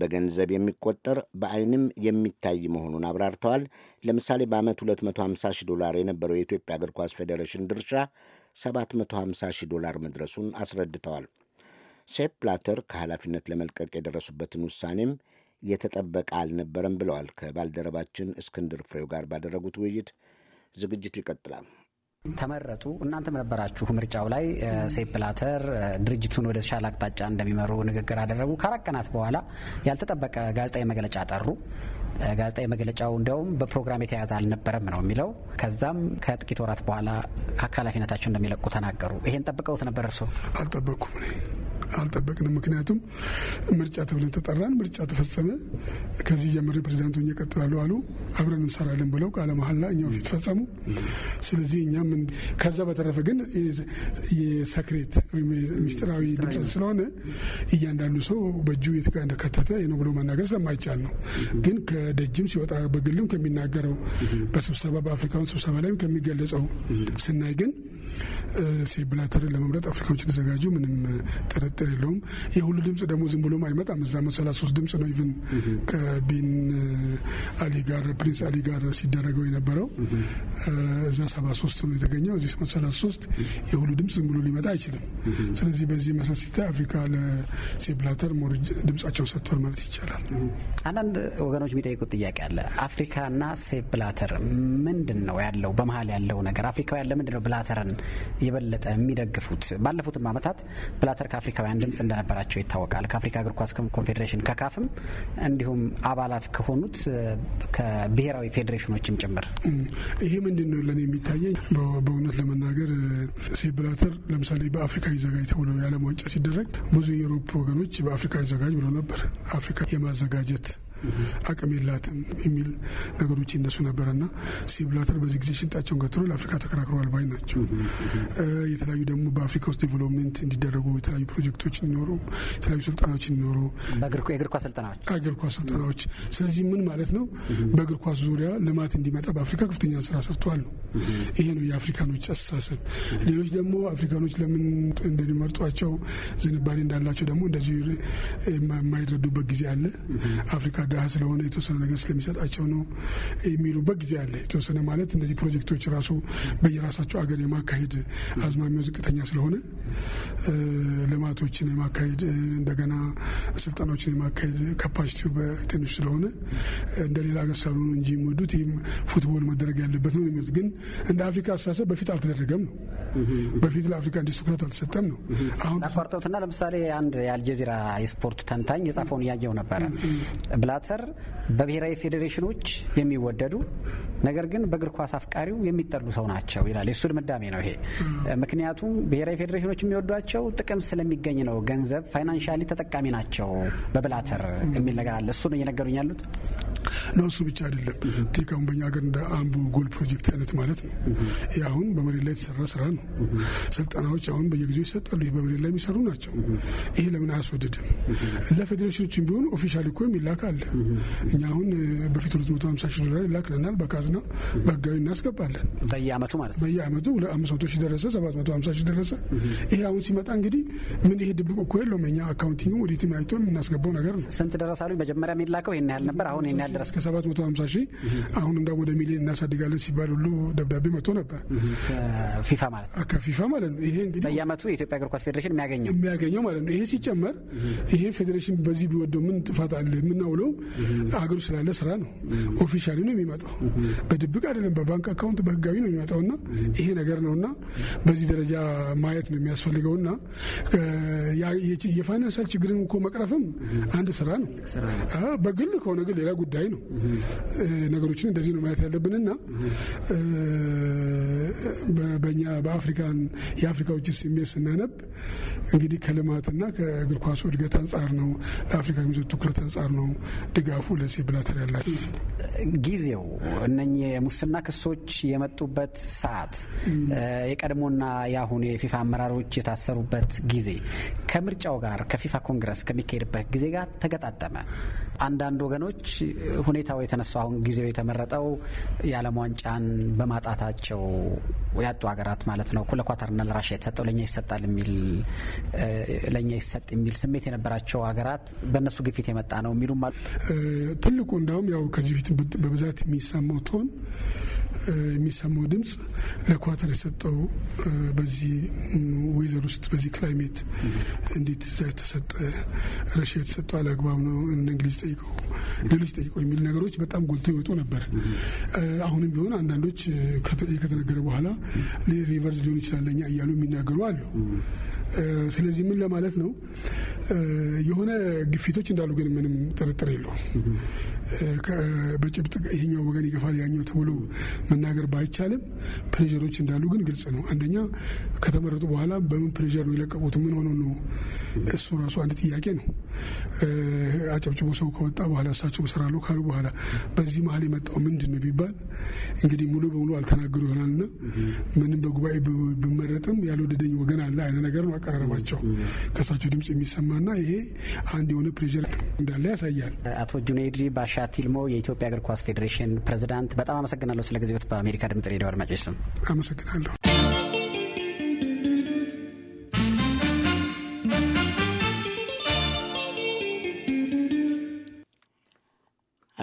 በገንዘብ የሚቆጠር በአይንም የሚታይ መሆኑን አብራርተዋል። ለምሳሌ በዓመት 250 ሺህ ዶላር የነበረው የኢትዮጵያ እግር ኳስ ፌዴሬሽን ድርሻ 750 ሺህ ዶላር መድረሱን አስረድተዋል። ሴፕ ብላተር ከኃላፊነት ለመልቀቅ የደረሱበትን ውሳኔም የተጠበቀ አልነበረም ብለዋል። ከባልደረባችን እስክንድር ፍሬው ጋር ባደረጉት ውይይት ዝግጅቱ ይቀጥላል። ተመረጡ። እናንተም ነበራችሁ ምርጫው ላይ። ሴፕ ድርጅቱን ወደ ተሻለ አቅጣጫ እንደሚመሩ ንግግር አደረጉ። ከአራት ቀናት በኋላ ያልተጠበቀ ጋዜጣዊ መግለጫ ጠሩ። ጋዜጣዊ መግለጫው እንዲያውም በፕሮግራም የተያዘ አልነበረም ነው የሚለው። ከዛም ከጥቂት ወራት በኋላ ኃላፊነታቸው እንደሚለቁ ተናገሩ። ይሄን ጠብቀውት ነበር እርስዎ? አልጠበቅኩም። አልጠበቅንም። ምክንያቱም ምርጫ ተብለን ተጠራን፣ ምርጫ ተፈጸመ። ከዚህ ጀምሬ ፕሬዚዳንቱ ይቀጥላሉ አሉ። አብረን እንሰራለን ብለው ቃለ መሀላ እኛው ፊት ፈጸሙ። ስለዚህ እኛም ከዛ በተረፈ ግን የሰክሬት ወይም ምስጢራዊ ድምፅ ስለሆነ እያንዳንዱ ሰው በእጁ የት እንደከተተ ነው ብሎ መናገር ስለማይቻል ነው። ግን ከደጅም ሲወጣ በግልም ከሚናገረው በስብሰባ በአፍሪካውን ስብሰባ ላይም ከሚገለጸው ስናይ ግን ሲብላተርን ለመምረጥ አፍሪካዎች የተዘጋጁ ምንም ጥርጥር የለውም። የሁሉ ድምጽ ደግሞ ዝም ብሎም አይመጣም። እዛ መ ሰላሳ ሶስት ድምፅ ነው ኢቭን ከቢን አሊ ጋር ፕሪንስ አሊ ጋር ሲደረገው የነበረው እዛ ሰባ ሶስት ነው የተገኘው። እዚህ መ ሰላሳ ሶስት የሁሉ ድምጽ ዝም ብሎ ሊመጣ አይችልም። ስለዚህ በዚህ መሰረት ሲታይ አፍሪካ ለሲብላተር ሞር ድምጻቸው ሰጥቷል ማለት ይቻላል። አንዳንድ ወገኖች የሚጠይቁት ጥያቄ አለ። አፍሪካና ሴብላተር ምንድን ነው ያለው? በመሀል ያለው ነገር አፍሪካ ያለ ምንድን ነው ብላተርን የበለጠ የሚደግፉት? ባለፉትም ዓመታት ብላተር ከአፍሪካውያን ድምፅ እንደነበራቸው ይታወቃል። ከአፍሪካ እግር ኳስ ኮንፌዴሬሽን ከካፍም እንዲሁም አባላት ከሆኑት ከብሔራዊ ፌዴሬሽኖችም ጭምር ይሄ ምንድን ነው ለን የሚታየኝ በእውነት ለመናገር ሴፕ ብላተር ለምሳሌ በአፍሪካ ይዘጋጅ ተብሎ የዓለም ዋንጫ ሲደረግ ብዙ የአውሮፓ ወገኖች በአፍሪካ ይዘጋጅ ብሎ ነበር። አፍሪካ የማዘጋጀት አቅም የላትም የሚል ነገሮች ይነሱ ነበረና ሲብላተር በዚህ ጊዜ ሽንጣቸውን ገትሮ ለአፍሪካ ተከራክረዋል ባይ ናቸው። የተለያዩ ደግሞ በአፍሪካ ውስጥ ዴቨሎፕመንት እንዲደረጉ የተለያዩ ፕሮጀክቶች እንዲኖሩ፣ የተለያዩ ስልጠናዎች እንዲኖሩ የእግር ኳስ ስልጠናዎች እግር ኳስ ስልጠናዎች። ስለዚህ ምን ማለት ነው? በእግር ኳስ ዙሪያ ልማት እንዲመጣ በአፍሪካ ከፍተኛ ስራ ሰርተዋል ነው። ይሄ ነው የአፍሪካኖች አስተሳሰብ። ሌሎች ደግሞ አፍሪካኖች ለምን እንደሚመርጧቸው ዝንባሌ እንዳላቸው ደግሞ እንደዚህ የማይረዱበት ጊዜ አለ። አፍሪካ ድሃ ስለሆነ የተወሰነ ነገር ስለሚሰጣቸው ነው የሚሉ በጊዜ አለ። የተወሰነ ማለት እነዚህ ፕሮጀክቶች ራሱ በየራሳቸው አገር የማካሄድ አዝማሚያው ዝቅተኛ ስለሆነ ልማቶችን የማካሄድ እንደገና ስልጠናዎችን የማካሄድ ካፓሲቲው በትንሽ ስለሆነ እንደ ሌላ ሀገር ሳልሆኑ እንጂ የሚወዱት ይህም ፉትቦል መደረግ ያለበት ነው የሚሉት ግን እንደ አፍሪካ አስተሳሰብ በፊት አልተደረገም ነው። በፊት ለአፍሪካ እንዲህ ትኩረት አልተሰጠም ነው። አሁን አቋርጠውትና ለምሳሌ አንድ የአልጀዚራ የስፖርት ተንታኝ የጻፈውን እያየው ነበረ ብላ ቲያትር በብሔራዊ ፌዴሬሽኖች የሚወደዱ ነገር ግን በእግር ኳስ አፍቃሪው የሚጠሉ ሰው ናቸው ይላል። የእሱ ድምዳሜ ነው ይሄ። ምክንያቱም ብሔራዊ ፌዴሬሽኖች የሚወዷቸው ጥቅም ስለሚገኝ ነው፣ ገንዘብ ፋይናንሻሊ ተጠቃሚ ናቸው በብላተር የሚል ነገር አለ። እሱ ነው እየነገሩኝ ያሉት። ነው እሱ ብቻ አይደለም። ቴካሁን በኛ ሀገር እንደ አምቡ ጎል ፕሮጀክት አይነት ማለት ነው። ይህ አሁን በመሬት ላይ የተሰራ ስራ ነው። ስልጠናዎች አሁን በየጊዜው ይሰጣሉ። ይህ በመሬት ላይ የሚሰሩ ናቸው። ይሄ ለምን አያስወድድም? ለፌዴሬሽኖች ቢሆን ኦፊሻል እኮ የሚላክ አለ እኛ አሁን በፊት 250 ሺህ ዶላር ይላክልናል በካዝና በህጋዊ እናስገባለን። በየአመቱ ማለት ነው። በየአመቱ 500 ሺህ ደረሰ፣ 750 ሺህ ደረሰ። ይሄ አሁን ሲመጣ እንግዲህ ምን ይሄ ድብቅ እኮ የለውም። እኛ አካውንቲንግ ወዴትም አይቶ የምናስገባው ነገር ነው። ስንት ደረሳሉ? መጀመሪያ የሚላከው ይህን ያህል ነበር፣ አሁን ይህን ያህል ደረሰ። ከ750 ሺህ አሁን እንዳውም ወደ ሚሊዮን እናሳድጋለን ሲባል ሁሉ ደብዳቤ መጥቶ ነበር ከፊፋ ማለት ነው። ከፊፋ ማለት ነው። ይሄ እንግዲህ በየአመቱ የኢትዮጵያ እግር ኳስ ፌዴሬሽን የሚያገኘው የሚያገኘው ማለት ነው። ይሄ ሲጨመር ይሄ ፌዴሬሽን በዚህ ቢወደው ምን ጥፋት አለ የምናውለው አገሩ ስላለ ስራ ነው። ኦፊሻሊ ነው የሚመጣው፣ በድብቅ አይደለም። በባንክ አካውንት በህጋዊ ነው የሚመጣው እና ይሄ ነገር ነው እና በዚህ ደረጃ ማየት ነው የሚያስፈልገው እና የፋይናንሳል ችግርን እኮ መቅረፍም አንድ ስራ ነው። በግል ከሆነ ግን ሌላ ጉዳይ ነው። ነገሮችን እንደዚህ ነው ማየት ያለብንና በእኛ በአፍሪካን የአፍሪካ ውጭ ስሜት ስናነብ እንግዲህ ከልማትና ከእግር ኳሱ እድገት አንጻር ነው፣ ለአፍሪካ የሚሰጥ ትኩረት አንጻር ነው፣ ድጋፉ ለዚህ ብነት ያላቸው ጊዜው እነኚህ የሙስና ክሶች የመጡበት ሰዓት የቀድሞና የአሁኑ የፊፋ አመራሮች የታሰሩበት ጊዜ ከምርጫው ጋር ከፊፋ ኮንግረስ ከሚካሄድበት ጊዜ ጋር ተገጣጠመ። አንዳንድ ወገኖች ሁኔታው የተነሳው አሁን ጊዜው የተመረጠው የዓለም ዋንጫን በማጣታቸው ያጡ ሀገራት ማለት ነው። ለኳታርና ለራሻ የተሰጠው ለእኛ ይሰጣል የሚል ለእኛ ይሰጥ የሚል ስሜት የነበራቸው ሀገራት በእነሱ ግፊት የመጣ ነው የሚሉም አሉ። ትልቁ እንዳውም ያው ከዚህ ፊት በብዛት የሚሰማው ትሆን የሚሰማው ድምጽ ለኳተር የሰጠው በዚህ ወይዘር ውስጥ በዚህ ክላይሜት እንዴት እዛ የተሰጠ ረሻ የተሰጠው አላግባብ ነው እነ እንግሊዝ ጠይቀው ሌሎች ጠይቀው የሚል ነገሮች በጣም ጎልተው ይወጡ ነበር። አሁንም ቢሆን አንዳንዶች ከተነገረ በኋላ ሪቨርስ ሊሆን ይችላል ለኛ እያሉ የሚናገሩ አሉ። ስለዚህ ምን ለማለት ነው የሆነ ግፊቶች እንዳሉ ግን ምንም ጥርጥር የለው? በጭብጥ ይሄኛው ወገን ይገፋል ያኛው ተብሎ መናገር ባይቻልም ፕሬዠሮች እንዳሉ ግን ግልጽ ነው። አንደኛ ከተመረጡ በኋላ በምን ፕሬዠር ነው የለቀቁት? ምን ሆኖ ነው? እሱ ራሱ አንድ ጥያቄ ነው። አጨብጭቦ ሰው ከወጣ በኋላ እሳቸው እሰራለሁ ካሉ በኋላ በዚህ መሀል የመጣው ምንድን ነው ቢባል እንግዲህ ሙሉ በሙሉ አልተናገሩ ይሆናል እና ምንም በጉባኤ ብመረጥም ያልወደደኝ ወገን አለ አይነ ነገር ነው አቀራረባቸው ከእሳቸው ድምጽ የሚሰማና ይሄ አንድ የሆነ ፕሬዠር እንዳለ ያሳያል። አቶ ጁኔይድ ባሻ ቲልሞ የኢትዮጵያ እግር ኳስ ፌዴሬሽን ፕሬዚዳንት፣ በጣም አመሰግናለሁ ስለ ለጊዜዎት በአሜሪካ ድምጽ ሬዲዮ አድማጮች ስም አመሰግናለሁ።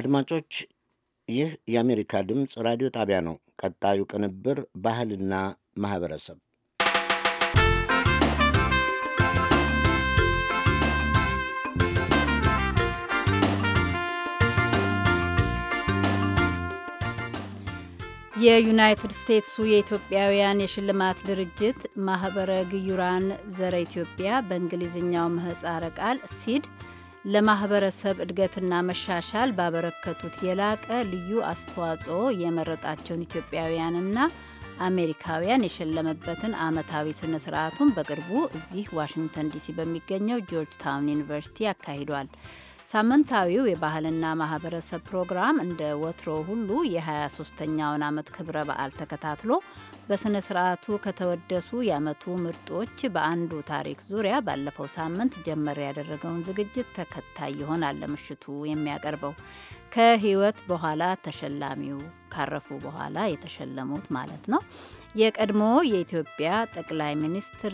አድማጮች ይህ የአሜሪካ ድምፅ ራዲዮ ጣቢያ ነው። ቀጣዩ ቅንብር ባህልና ማህበረሰብ የዩናይትድ ስቴትሱ የኢትዮጵያውያን የሽልማት ድርጅት ማህበረ ግዩራን ዘረ ኢትዮጵያ በእንግሊዝኛው ምህፃረ ቃል ሲድ ለማህበረሰብ እድገትና መሻሻል ባበረከቱት የላቀ ልዩ አስተዋጽኦ የመረጣቸውን ኢትዮጵያውያንና አሜሪካውያን የሸለመበትን ዓመታዊ ስነ ስርዓቱን በቅርቡ እዚህ ዋሽንግተን ዲሲ በሚገኘው ጆርጅ ታውን ዩኒቨርሲቲ አካሂዷል። ሳምንታዊው የባህልና ማህበረሰብ ፕሮግራም እንደ ወትሮ ሁሉ የ23ኛውን ዓመት ክብረ በዓል ተከታትሎ በሥነ ሥርዓቱ ከተወደሱ የዓመቱ ምርጦች በአንዱ ታሪክ ዙሪያ ባለፈው ሳምንት ጀመር ያደረገውን ዝግጅት ተከታይ ይሆናል ለምሽቱ የሚያቀርበው ከህይወት በኋላ ተሸላሚው ካረፉ በኋላ የተሸለሙት ማለት ነው። የቀድሞ የኢትዮጵያ ጠቅላይ ሚኒስትር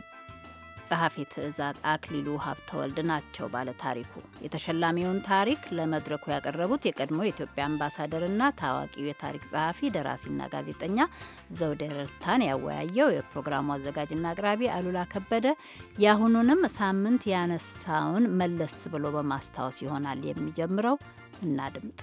ጸሐፊ ትእዛዝ አክሊሉ ሀብተወልድ ናቸው ባለታሪኩ። የተሸላሚውን ታሪክ ለመድረኩ ያቀረቡት የቀድሞ የኢትዮጵያ አምባሳደርና ታዋቂው የታሪክ ጸሐፊ ደራሲና ጋዜጠኛ ዘውዴ ረታን ያወያየው የፕሮግራሙ አዘጋጅና አቅራቢ አሉላ ከበደ። የአሁኑንም ሳምንት ያነሳውን መለስ ብሎ በማስታወስ ይሆናል የሚጀምረው። እናድምጥ።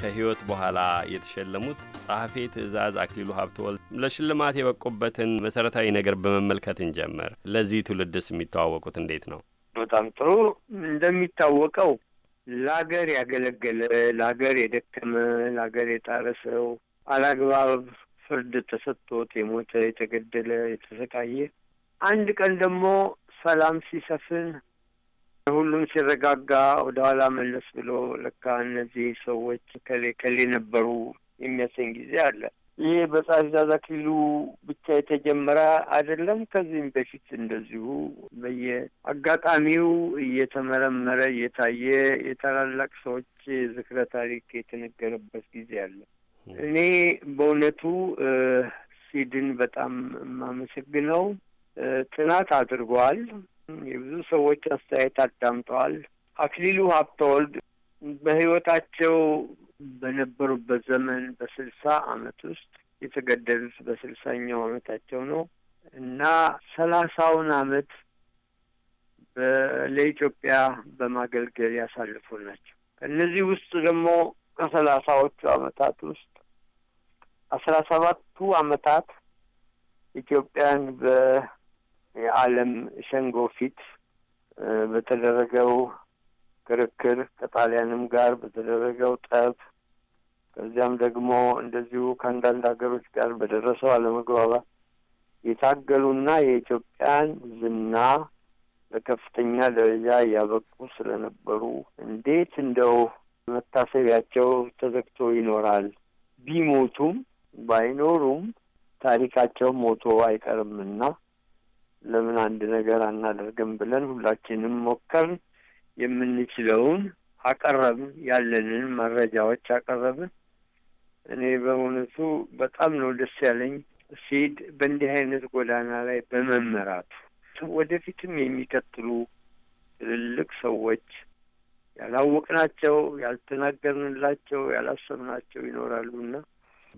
ከህይወት በኋላ የተሸለሙት ጸሐፌ ትእዛዝ አክሊሉ ሀብተወልድ ለሽልማት የበቁበትን መሰረታዊ ነገር በመመልከት እንጀምር። ለዚህ ትውልድስ የሚተዋወቁት እንዴት ነው? በጣም ጥሩ። እንደሚታወቀው ለሀገር ያገለገለ ለሀገር የደከመ ለሀገር የጣረ ሰው አላግባብ ፍርድ ተሰጥቶት የሞተ የተገደለ የተሰቃየ አንድ ቀን ደግሞ ሰላም ሲሰፍን ሁሉም ሲረጋጋ ወደ ኋላ መለስ ብሎ ለካ እነዚህ ሰዎች ከሌ ከሌ ነበሩ የሚያሰኝ ጊዜ አለ። ይህ በጻድቃዛ ክልሉ ብቻ የተጀመረ አይደለም። ከዚህም በፊት እንደዚሁ አጋጣሚው እየተመረመረ እየታየ የታላላቅ ሰዎች ዝክረ ታሪክ የተነገረበት ጊዜ አለ። እኔ በእውነቱ ሲድን በጣም የማመሰግነው ጥናት አድርጓል። የብዙ ሰዎች አስተያየት አዳምጠዋል። አክሊሉ ሀብተወልድ በህይወታቸው በነበሩበት ዘመን በስልሳ አመት ውስጥ የተገደሉት በስልሳኛው አመታቸው ነው እና ሰላሳውን አመት ለኢትዮጵያ በማገልገል ያሳልፉ ናቸው። ከእነዚህ ውስጥ ደግሞ ከሰላሳዎቹ አመታት ውስጥ አስራ ሰባቱ አመታት ኢትዮጵያን በ የዓለም ሸንጎ ፊት በተደረገው ክርክር ከጣሊያንም ጋር በተደረገው ጠብ ከዚያም ደግሞ እንደዚሁ ከአንዳንድ ሀገሮች ጋር በደረሰው አለመግባባት የታገሉና የኢትዮጵያን ዝና በከፍተኛ ደረጃ እያበቁ ስለነበሩ እንዴት እንደው መታሰቢያቸው ተዘግቶ ይኖራል? ቢሞቱም ባይኖሩም ታሪካቸው ሞቶ አይቀርምና ለምን አንድ ነገር አናደርግም ብለን ሁላችንም ሞከርን። የምንችለውን አቀረብን፣ ያለንን መረጃዎች አቀረብን። እኔ በእውነቱ በጣም ነው ደስ ያለኝ ሲድ በእንዲህ አይነት ጎዳና ላይ በመመራቱ ወደፊትም የሚቀጥሉ ትልልቅ ሰዎች ያላወቅናቸው፣ ያልተናገርንላቸው፣ ያላሰብናቸው ይኖራሉና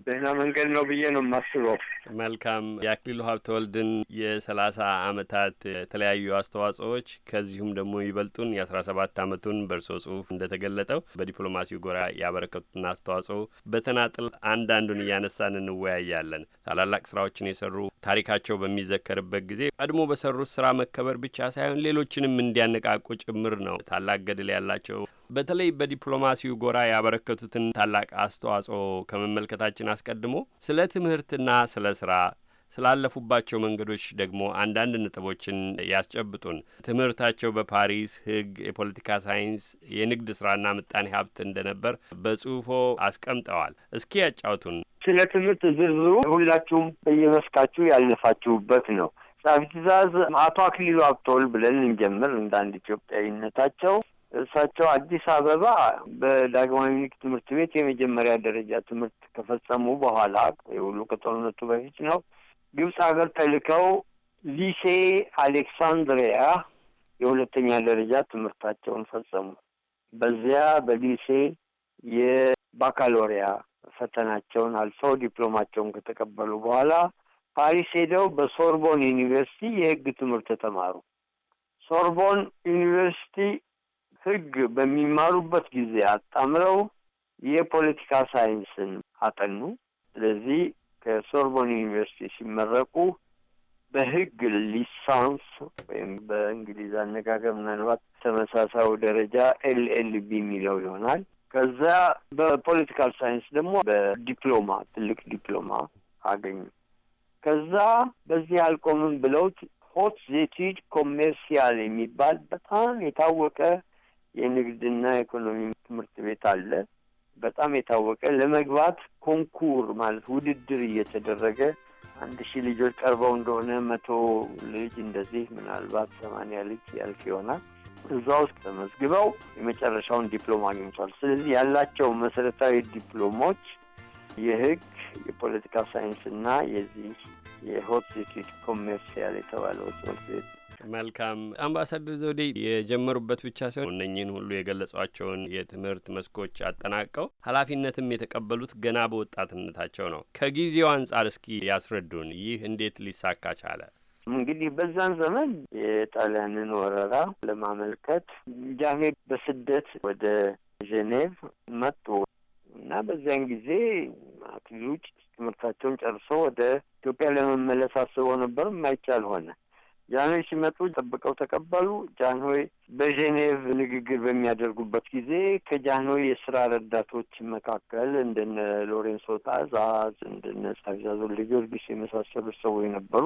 ደህና መንገድ ነው ብዬ ነው የማስበው። መልካም የአክሊሉ ሀብተወልድን የሰላሳ አመታት የተለያዩ አስተዋጽኦዎች ከዚሁም ደግሞ ይበልጡን የአስራ ሰባት አመቱን በእርሶ ጽሁፍ እንደተገለጠው በዲፕሎማሲው ጎራ ያበረከቱትን አስተዋጽኦ በተናጥል አንዳንዱን እያነሳን እንወያያለን። ታላላቅ ስራዎችን የሰሩ ታሪካቸው በሚዘከርበት ጊዜ ቀድሞ በሰሩት ስራ መከበር ብቻ ሳይሆን ሌሎችንም እንዲያነቃቁ ጭምር ነው ታላቅ ገድል ያላቸው በተለይ በዲፕሎማሲው ጎራ ያበረከቱትን ታላቅ አስተዋጽኦ ከመመልከታችን አስቀድሞ ስለ ትምህርትና ስለ ስራ ስላለፉባቸው መንገዶች ደግሞ አንዳንድ ነጥቦችን ያስጨብጡን። ትምህርታቸው በፓሪስ ሕግ፣ የፖለቲካ ሳይንስ፣ የንግድ ስራና ምጣኔ ሀብት እንደነበር በጽሁፎ አስቀምጠዋል። እስኪ ያጫውቱን ስለ ትምህርት ዝርዝሩ። ሁላችሁም በየመስካችሁ ያለፋችሁበት ነው። ጸሐፊ ትእዛዝ አቶ አክሊሉ ሀብተወልድ ብለን እንጀምር። እንደ አንድ ኢትዮጵያዊነታቸው እሳቸው አዲስ አበባ በዳግማዊ ምኒልክ ትምህርት ቤት የመጀመሪያ ደረጃ ትምህርት ከፈጸሙ በኋላ የሁሉ ከጦርነቱ በፊት ነው። ግብፅ ሀገር ተልከው ሊሴ አሌክሳንድሪያ የሁለተኛ ደረጃ ትምህርታቸውን ፈጸሙ። በዚያ በሊሴ የባካሎሪያ ፈተናቸውን አልፈው ዲፕሎማቸውን ከተቀበሉ በኋላ ፓሪስ ሄደው በሶርቦን ዩኒቨርሲቲ የሕግ ትምህርት ተማሩ። ሶርቦን ዩኒቨርሲቲ ህግ በሚማሩበት ጊዜ አጣምረው የፖለቲካ ሳይንስን አጠኑ። ስለዚህ ከሶርቦን ዩኒቨርሲቲ ሲመረቁ በህግ ሊሳንስ ወይም በእንግሊዝ አነጋገር ምናልባት ተመሳሳዩ ደረጃ ኤልኤልቢ የሚለው ይሆናል። ከዛ በፖለቲካል ሳይንስ ደግሞ በዲፕሎማ ትልቅ ዲፕሎማ አገኙ። ከዛ በዚህ አልቆምም ብለውት ሆት ዜቲድ ኮሜርሲያል የሚባል በጣም የታወቀ የንግድና ኢኮኖሚ ትምህርት ቤት አለ። በጣም የታወቀ ለመግባት ኮንኩር ማለት ውድድር እየተደረገ አንድ ሺህ ልጆች ቀርበው እንደሆነ መቶ ልጅ እንደዚህ ምናልባት ሰማንያ ልጅ ያልፍ ይሆናል እዛ ውስጥ ተመዝግበው የመጨረሻውን ዲፕሎማ አግኝቷል። ስለዚህ ያላቸው መሰረታዊ ዲፕሎሞች የህግ የፖለቲካ ሳይንስ እና የዚህ የሆት ኮሜርሲያል የተባለው ትምህርት ቤት መልካም አምባሳደር ዘውዴ የጀመሩበት ብቻ ሲሆን እነኝህን ሁሉ የገለጿቸውን የትምህርት መስኮች አጠናቀው ኃላፊነትም የተቀበሉት ገና በወጣትነታቸው ነው። ከጊዜው አንጻር እስኪ ያስረዱን፣ ይህ እንዴት ሊሳካ ቻለ? እንግዲህ በዛን ዘመን የጣሊያንን ወረራ ለማመልከት ጃሜ በስደት ወደ ጄኔቭ መጡ እና በዚያን ጊዜ ከዚህ ትምህርታቸውን ጨርሶ ወደ ኢትዮጵያ ለመመለስ አስበው ነበር። የማይቻል ሆነ። ጃንሆይ ሲመጡ ጠብቀው ተቀበሉ። ጃንሆይ በጄኔቭ ንግግር በሚያደርጉበት ጊዜ ከጃንሆይ የስራ ረዳቶች መካከል እንደነ ሎሬንሶ ታዛዝ፣ እንደነ ጻፊ ጊዮርጊስ የመሳሰሉት ሰዎች ነበሩ።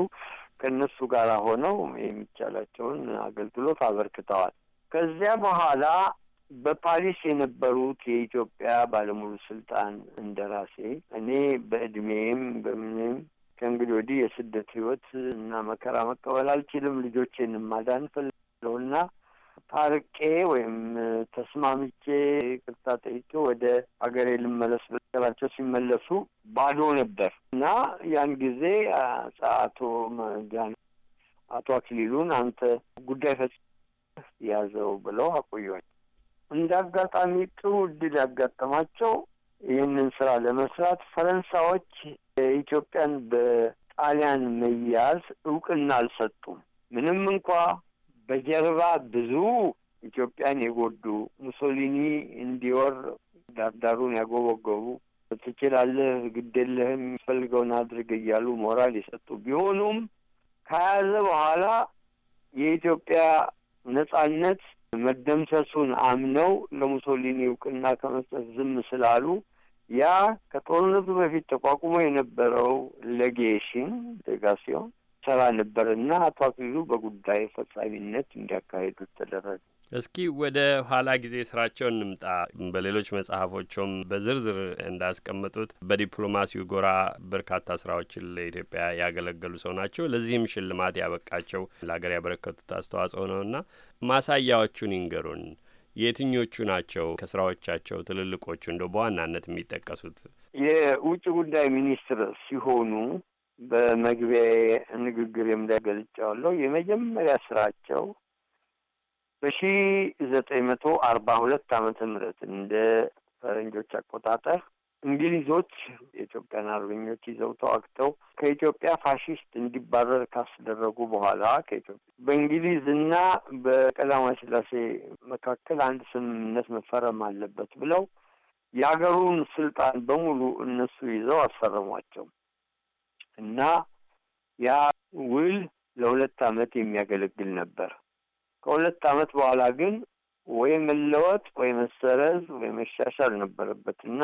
ከእነሱ ጋር ሆነው የሚቻላቸውን አገልግሎት አበርክተዋል። ከዚያ በኋላ በፓሪስ የነበሩት የኢትዮጵያ ባለሙሉ ስልጣን እንደራሴ እኔ በእድሜም በምንም ከእንግዲህ ወዲህ የስደት ህይወት እና መከራ መቀበል አልችልም፣ ልጆቼን ማዳን ፈለው እና ታርቄ ወይም ተስማምቼ ቅርታ ጠይቄ ወደ ሀገሬ ልመለስ በላቸው ሲመለሱ ባዶ ነበር እና ያን ጊዜ አቶ መጃን አቶ አክሊሉን አንተ ጉዳይ ፈጽ ያዘው ብለው አቆየኝ። እንደ አጋጣሚ ጥሩ እድል ያጋጠማቸው ይህንን ስራ ለመስራት ፈረንሳዮች የኢትዮጵያን በጣሊያን መያዝ እውቅና አልሰጡም። ምንም እንኳ በጀርባ ብዙ ኢትዮጵያን የጎዱ ሙሶሊኒ እንዲወር ዳርዳሩን ያጎበጎቡ ትችላለህ፣ ግዴለህም፣ ፈልገውን አድርግ እያሉ ሞራል የሰጡ ቢሆኑም ከያዘ በኋላ የኢትዮጵያ ነጻነት መደምሰሱን አምነው ለሙሶሊኒ እውቅና ከመስጠት ዝም ስላሉ ያ ከጦርነቱ በፊት ተቋቁሞ የነበረው ሌጌሽን ሌጋሲዮን ሰራ ነበር አቶ አክሊሉ በጉዳይ ፈጻሚነት እንዲያካሄዱ ተደረገ። እስኪ ወደ ኋላ ጊዜ ስራቸው እንምጣ። በሌሎች መጽሐፎቹም በዝርዝር እንዳስቀመጡት በዲፕሎማሲው ጎራ በርካታ ስራዎችን ለኢትዮጵያ ያገለገሉ ሰው ናቸው። ለዚህም ሽልማት ያበቃቸው ለሀገር ያበረከቱት አስተዋጽኦ ነውና ማሳያዎቹን ይንገሩን። የትኞቹ ናቸው ከስራዎቻቸው ትልልቆቹ እንደ በዋናነት የሚጠቀሱት? የውጭ ጉዳይ ሚኒስትር ሲሆኑ በመግቢያ ንግግር ላይ የመጀመሪያ ስራቸው በሺ ዘጠኝ መቶ አርባ ሁለት አመተ ምህረት እንደ ፈረንጆች አቆጣጠር እንግሊዞች የኢትዮጵያን አርበኞች ይዘው ተዋግተው ከኢትዮጵያ ፋሽስት እንዲባረር ካስደረጉ በኋላ ከኢትዮጵያ በእንግሊዝና በቀዳማዊ ስላሴ መካከል አንድ ስምምነት መፈረም አለበት ብለው የሀገሩን ስልጣን በሙሉ እነሱ ይዘው አስፈረሟቸው እና ያ ውል ለሁለት ዓመት የሚያገለግል ነበር። ከሁለት ዓመት በኋላ ግን ወይ መለወጥ ወይ መሰረዝ ወይ መሻሻል ነበረበት እና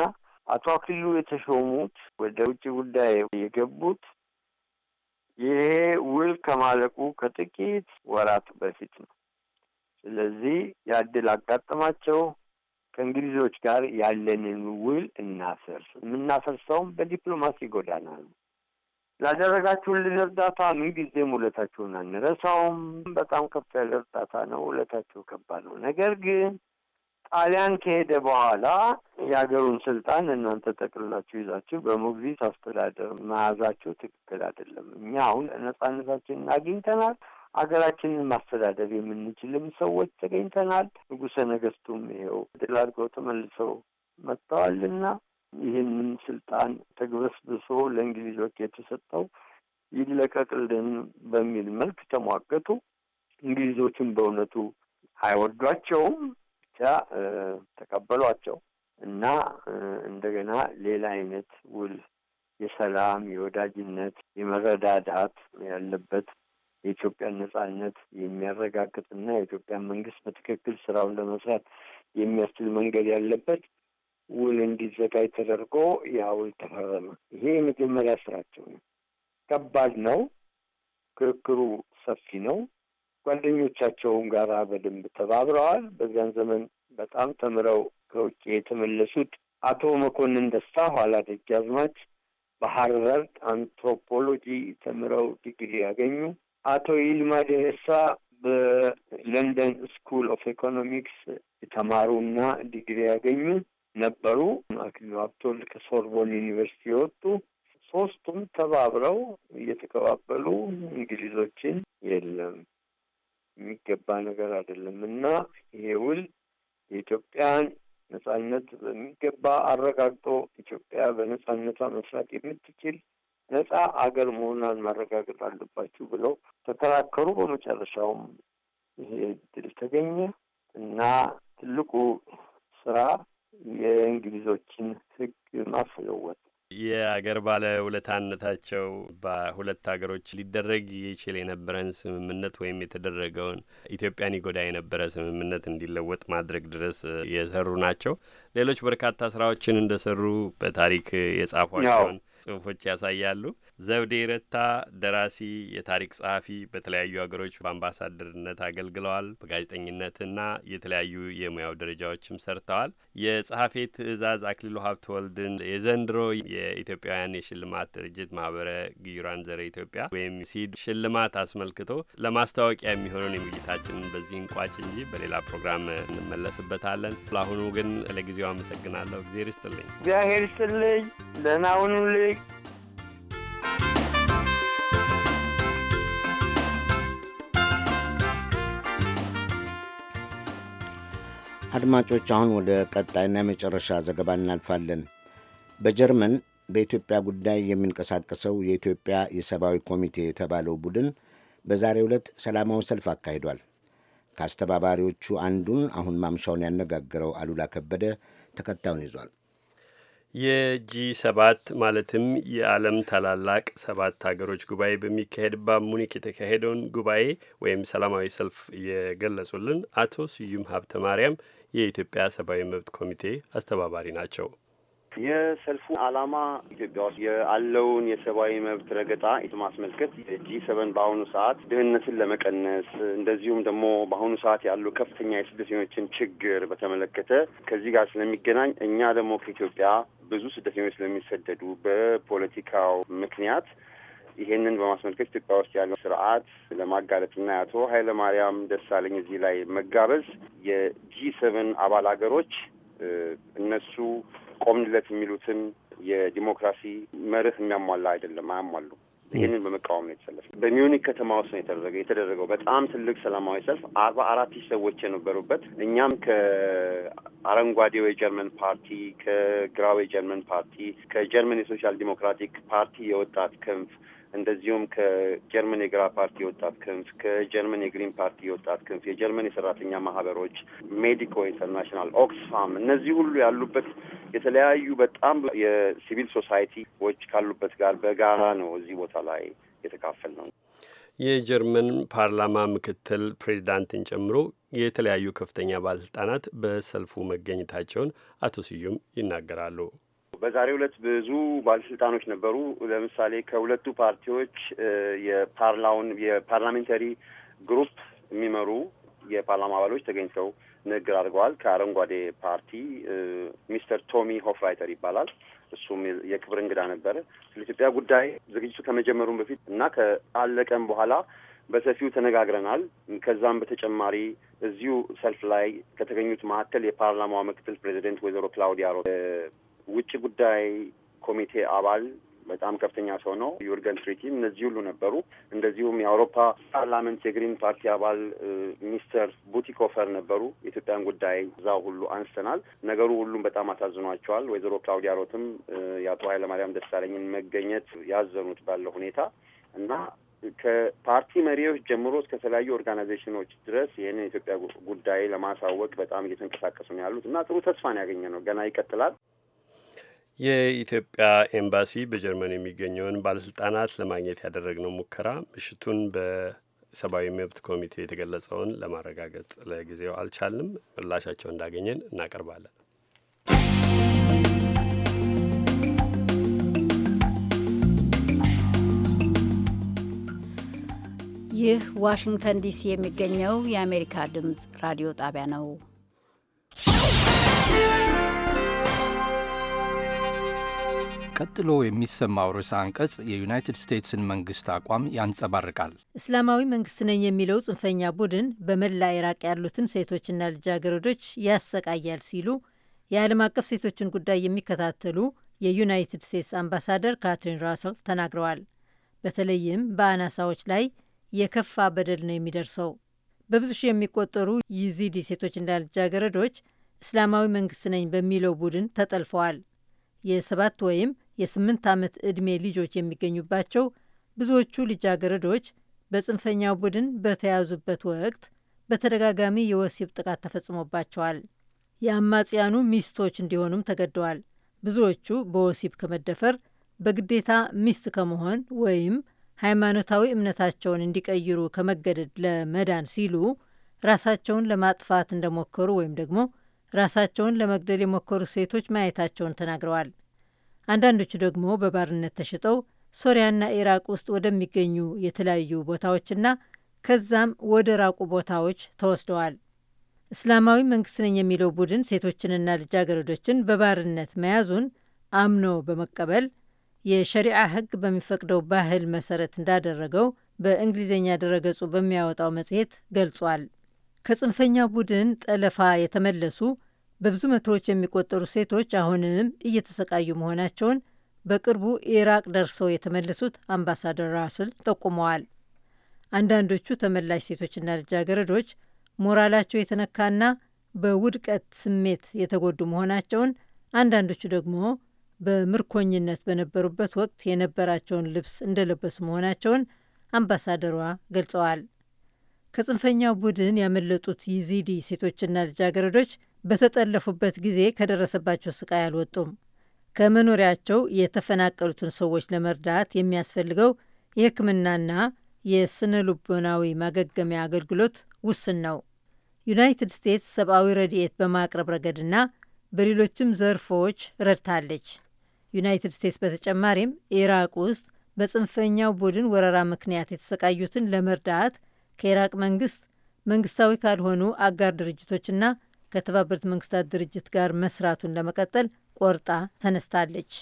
አቶ አክሊሉ የተሾሙት ወደ ውጭ ጉዳይ የገቡት ይሄ ውል ከማለቁ ከጥቂት ወራት በፊት ነው። ስለዚህ ያድል አጋጠማቸው። ከእንግሊዞች ጋር ያለንን ውል እናፈርስ፣ የምናፈርሰውም በዲፕሎማሲ ጎዳና ነው። ላደረጋችሁልን እርዳታ ምንጊዜም ውለታችሁን አንረሳውም። በጣም ከፍ ያለ እርዳታ ነው። ውለታችሁ ከባድ ነው። ነገር ግን ጣሊያን ከሄደ በኋላ የሀገሩን ስልጣን እናንተ ጠቅልላችሁ ይዛችሁ በሞግዚት አስተዳደር መያዛችሁ ትክክል አይደለም። እኛ አሁን ነጻነታችንን አግኝተናል። ሀገራችንን ማስተዳደር የምንችልም ሰዎች ተገኝተናል። ንጉሰ ነገስቱም ይሄው ድል አድርገው ተመልሰው መጥተዋልና ይህንን ስልጣን ተግበስብሶ ለእንግሊዞች የተሰጠው ይለቀቅልን በሚል መልክ ተሟገቱ። እንግሊዞችን በእውነቱ አይወዷቸውም። ብቻ ተቀበሏቸው እና እንደገና ሌላ አይነት ውል የሰላም፣ የወዳጅነት፣ የመረዳዳት ያለበት የኢትዮጵያን ነጻነት የሚያረጋግጥና የኢትዮጵያን መንግስት በትክክል ስራውን ለመስራት የሚያስችል መንገድ ያለበት ውል እንዲዘጋጅ ተደርጎ ያ ውል ተፈረመ። ይሄ የመጀመሪያ ስራቸው ነው። ከባድ ነው። ክርክሩ ሰፊ ነው። ጓደኞቻቸውም ጋር በደንብ ተባብረዋል። በዚያን ዘመን በጣም ተምረው ከውጭ የተመለሱት አቶ መኮንን ደስታ ኋላ ደጃዝማች በሃርቨርድ አንትሮፖሎጂ ተምረው ዲግሪ ያገኙ፣ አቶ ይልማ ደሬሳ በለንደን ስኩል ኦፍ ኢኮኖሚክስ የተማሩና ዲግሪ ያገኙ ነበሩ። አክሊሉ ሀብተወልድ ከሶርቦን ዩኒቨርሲቲ የወጡ ሶስቱም ተባብረው እየተቀባበሉ እንግሊዞችን የለም የሚገባ ነገር አይደለም እና ይሄ ውል የኢትዮጵያን ነጻነት በሚገባ አረጋግጦ ኢትዮጵያ በነጻነቷ መስራት የምትችል ነጻ አገር መሆኗን ማረጋገጥ አለባችሁ ብለው ተከራከሩ። በመጨረሻውም ይሄ ድል ተገኘ እና ትልቁ ስራ የእንግሊዞችን ሕግ ማስለወጥ የአገር ባለውለታነታቸው በሁለት ሀገሮች ሊደረግ ይችል የነበረን ስምምነት ወይም የተደረገውን ኢትዮጵያን ይጎዳ የነበረ ስምምነት እንዲለወጥ ማድረግ ድረስ የሰሩ ናቸው። ሌሎች በርካታ ስራዎችን እንደሰሩ በታሪክ የጻፏቸውን ጽሁፎች ያሳያሉ። ዘውዴ ረታ ደራሲ፣ የታሪክ ጸሐፊ፣ በተለያዩ ሀገሮች በአምባሳደርነት አገልግለዋል። በጋዜጠኝነትና የተለያዩ የሙያው ደረጃዎችም ሰርተዋል። የጸሐፌ ትእዛዝ አክሊሉ ሀብት ወልድን የዘንድሮ የኢትዮጵያውያን የሽልማት ድርጅት ማህበረ ግዩራን ዘረ ኢትዮጵያ ወይም ሲድ ሽልማት አስመልክቶ ለማስታወቂያ የሚሆነውን የውይይታችንን በዚህ እንቋጭ እንጂ በሌላ ፕሮግራም እንመለስበታለን። ለአሁኑ ግን ለጊዜው አመሰግናለሁ። እግዜር ይስጥልኝ። እግዚአብሔር ይስጥልኝ። ደህና ሁኑልኝ። አድማጮች፣ አሁን ወደ ቀጣይና የመጨረሻ ዘገባ እናልፋለን። በጀርመን በኢትዮጵያ ጉዳይ የሚንቀሳቀሰው የኢትዮጵያ የሰብአዊ ኮሚቴ የተባለው ቡድን በዛሬው ዕለት ሰላማዊ ሰልፍ አካሂዷል። ከአስተባባሪዎቹ አንዱን አሁን ማምሻውን ያነጋገረው አሉላ ከበደ ተከታዩን ይዟል። የጂ ሰባት ማለትም የዓለም ታላላቅ ሰባት ሀገሮች ጉባኤ በሚካሄድባት ሙኒክ የተካሄደውን ጉባኤ ወይም ሰላማዊ ሰልፍ የገለጹልን አቶ ስዩም ሀብተ ማርያም የኢትዮጵያ ሰብአዊ መብት ኮሚቴ አስተባባሪ ናቸው። የሰልፉ ዓላማ ኢትዮጵያ ውስጥ ያለውን የሰብአዊ መብት ረገጣ ማስመልከት ጂ ሰበን በአሁኑ ሰዓት ድህነትን ለመቀነስ እንደዚሁም ደግሞ በአሁኑ ሰዓት ያሉ ከፍተኛ የስደተኞችን ችግር በተመለከተ ከዚህ ጋር ስለሚገናኝ እኛ ደግሞ ከኢትዮጵያ ብዙ ስደተኞች ስለሚሰደዱ በፖለቲካው ምክንያት ይሄንን በማስመልከት ኢትዮጵያ ውስጥ ያለው ስርዓት ለማጋለጥና የአቶ ኃይለማርያም ደሳለኝ እዚህ ላይ መጋበዝ የጂ ሰቨን አባል ሀገሮች እነሱ ቆምንለት የሚሉትን የዲሞክራሲ መርህ የሚያሟላ አይደለም፣ አያሟሉ። ይህንን በመቃወም ነው የተሰለፈ። በሚዩኒክ ከተማ ውስጥ ነው የተደረገ የተደረገው በጣም ትልቅ ሰላማዊ ሰልፍ አርባ አራት ሺህ ሰዎች የነበሩበት እኛም ከአረንጓዴው የጀርመን ፓርቲ፣ ከግራው የጀርመን ፓርቲ፣ ከጀርመን የሶሻል ዲሞክራቲክ ፓርቲ የወጣት ክንፍ እንደዚሁም ከጀርመን የግራ ፓርቲ የወጣት ክንፍ፣ ከጀርመን የግሪን ፓርቲ የወጣት ክንፍ፣ የጀርመን የሰራተኛ ማህበሮች፣ ሜዲኮ ኢንተርናሽናል፣ ኦክስፋም እነዚህ ሁሉ ያሉበት የተለያዩ በጣም የሲቪል ሶሳይቲዎች ካሉበት ጋር በጋራ ነው እዚህ ቦታ ላይ የተካፈል ነው። የጀርመን ፓርላማ ምክትል ፕሬዚዳንትን ጨምሮ የተለያዩ ከፍተኛ ባለስልጣናት በሰልፉ መገኘታቸውን አቶ ስዩም ይናገራሉ። በዛሬው ዕለት ብዙ ባለስልጣኖች ነበሩ። ለምሳሌ ከሁለቱ ፓርቲዎች የፓርላውን የፓርላሜንታሪ ግሩፕ የሚመሩ የፓርላማ አባሎች ተገኝተው ንግግር አድርገዋል። ከአረንጓዴ ፓርቲ ሚስተር ቶሚ ሆፍራይተር ይባላል። እሱም የክብር እንግዳ ነበረ። ስለ ኢትዮጵያ ጉዳይ ዝግጅቱ ከመጀመሩም በፊት እና ከአለቀም በኋላ በሰፊው ተነጋግረናል። ከዛም በተጨማሪ እዚሁ ሰልፍ ላይ ከተገኙት መካከል የፓርላማዋ ምክትል ፕሬዚደንት ወይዘሮ ክላውዲያ ሮስ ውጭ ጉዳይ ኮሚቴ አባል በጣም ከፍተኛ ሰው ነው ዩርገን ትሪቲ። እነዚህ ሁሉ ነበሩ። እንደዚሁም የአውሮፓ ፓርላመንት የግሪን ፓርቲ አባል ሚስተር ቡቲኮፈር ነበሩ። የኢትዮጵያን ጉዳይ እዛ ሁሉ አንስተናል። ነገሩ ሁሉም በጣም አሳዝኗቸዋል። ወይዘሮ ክላውዲያ ሮትም የአቶ ኃይለማርያም ደሳለኝን መገኘት ያዘኑት ባለው ሁኔታ እና ከፓርቲ መሪዎች ጀምሮ እስከ ተለያዩ ኦርጋናይዜሽኖች ድረስ ይህንን የኢትዮጵያ ጉዳይ ለማሳወቅ በጣም እየተንቀሳቀሱ ነው ያሉት እና ጥሩ ተስፋን ያገኘ ነው። ገና ይቀጥላል። የኢትዮጵያ ኤምባሲ በጀርመን የሚገኘውን ባለስልጣናት ለማግኘት ያደረግነው ሙከራ ምሽቱን በሰብአዊ መብት ኮሚቴ የተገለጸውን ለማረጋገጥ ለጊዜው አልቻልንም። ምላሻቸው እንዳገኘን እናቀርባለን። ይህ ዋሽንግተን ዲሲ የሚገኘው የአሜሪካ ድምፅ ራዲዮ ጣቢያ ነው። ቀጥሎ የሚሰማው ርዕሰ አንቀጽ የዩናይትድ ስቴትስን መንግስት አቋም ያንጸባርቃል። እስላማዊ መንግስት ነኝ የሚለው ጽንፈኛ ቡድን በመላ ኢራቅ ያሉትን ሴቶችና ልጃገረዶች ያሰቃያል ሲሉ የዓለም አቀፍ ሴቶችን ጉዳይ የሚከታተሉ የዩናይትድ ስቴትስ አምባሳደር ካትሪን ራሰል ተናግረዋል። በተለይም በአናሳዎች ላይ የከፋ በደል ነው የሚደርሰው። በብዙ ሺህ የሚቆጠሩ ይዚዲ ሴቶችና ልጃገረዶች እስላማዊ መንግስት ነኝ በሚለው ቡድን ተጠልፈዋል። የሰባት ወይም የስምንት ዓመት ዕድሜ ልጆች የሚገኙባቸው ብዙዎቹ ልጃገረዶች በጽንፈኛው ቡድን በተያዙበት ወቅት በተደጋጋሚ የወሲብ ጥቃት ተፈጽሞባቸዋል። የአማጽያኑ ሚስቶች እንዲሆኑም ተገደዋል። ብዙዎቹ በወሲብ ከመደፈር በግዴታ ሚስት ከመሆን ወይም ሃይማኖታዊ እምነታቸውን እንዲቀይሩ ከመገደድ ለመዳን ሲሉ ራሳቸውን ለማጥፋት እንደሞከሩ ወይም ደግሞ ራሳቸውን ለመግደል የሞከሩ ሴቶች ማየታቸውን ተናግረዋል። አንዳንዶቹ ደግሞ በባርነት ተሽጠው ሶሪያና ኢራቅ ውስጥ ወደሚገኙ የተለያዩ ቦታዎችና ከዛም ወደ ራቁ ቦታዎች ተወስደዋል። እስላማዊ መንግስት ነኝ የሚለው ቡድን ሴቶችንና ልጃገረዶችን በባርነት መያዙን አምኖ በመቀበል የሸሪዓ ሕግ በሚፈቅደው ባህል መሰረት እንዳደረገው በእንግሊዝኛ ድረገጹ በሚያወጣው መጽሔት ገልጿል። ከጽንፈኛ ቡድን ጠለፋ የተመለሱ በብዙ መቶዎች የሚቆጠሩ ሴቶች አሁንም እየተሰቃዩ መሆናቸውን በቅርቡ ኢራቅ ደርሰው የተመለሱት አምባሳደር ራስል ጠቁመዋል። አንዳንዶቹ ተመላሽ ሴቶችና ልጃገረዶች ሞራላቸው የተነካና በውድቀት ስሜት የተጎዱ መሆናቸውን፣ አንዳንዶቹ ደግሞ በምርኮኝነት በነበሩበት ወቅት የነበራቸውን ልብስ እንደለበሱ መሆናቸውን አምባሳደሯ ገልጸዋል። ከጽንፈኛው ቡድን ያመለጡት ይዚዲ ሴቶችና ልጃገረዶች በተጠለፉበት ጊዜ ከደረሰባቸው ስቃይ አልወጡም። ከመኖሪያቸው የተፈናቀሉትን ሰዎች ለመርዳት የሚያስፈልገው የሕክምናና የስነ ልቦናዊ ማገገሚያ አገልግሎት ውስን ነው። ዩናይትድ ስቴትስ ሰብአዊ ረድኤት በማቅረብ ረገድና በሌሎችም ዘርፎች ረድታለች። ዩናይትድ ስቴትስ በተጨማሪም ኢራቅ ውስጥ በጽንፈኛው ቡድን ወረራ ምክንያት የተሰቃዩትን ለመርዳት ከኢራቅ መንግስት፣ መንግስታዊ ካልሆኑ አጋር ድርጅቶችና ከተባበሩት መንግስታት ድርጅት ጋር መስራቱን ለመቀጠል ቆርጣ ተነስታለች።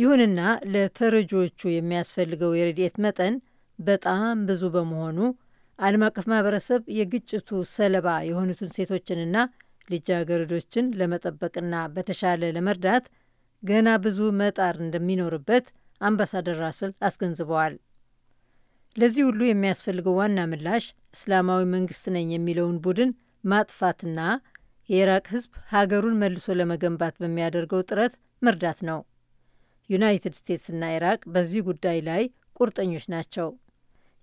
ይሁንና ለተረጂዎቹ የሚያስፈልገው የረድኤት መጠን በጣም ብዙ በመሆኑ ዓለም አቀፍ ማህበረሰብ የግጭቱ ሰለባ የሆኑትን ሴቶችንና ልጃገረዶችን ለመጠበቅና በተሻለ ለመርዳት ገና ብዙ መጣር እንደሚኖርበት አምባሳደር ራስል አስገንዝበዋል። ለዚህ ሁሉ የሚያስፈልገው ዋና ምላሽ እስላማዊ መንግስት ነኝ የሚለውን ቡድን ማጥፋትና የኢራቅ ህዝብ ሀገሩን መልሶ ለመገንባት በሚያደርገው ጥረት መርዳት ነው። ዩናይትድ ስቴትስና ኢራቅ በዚህ ጉዳይ ላይ ቁርጠኞች ናቸው።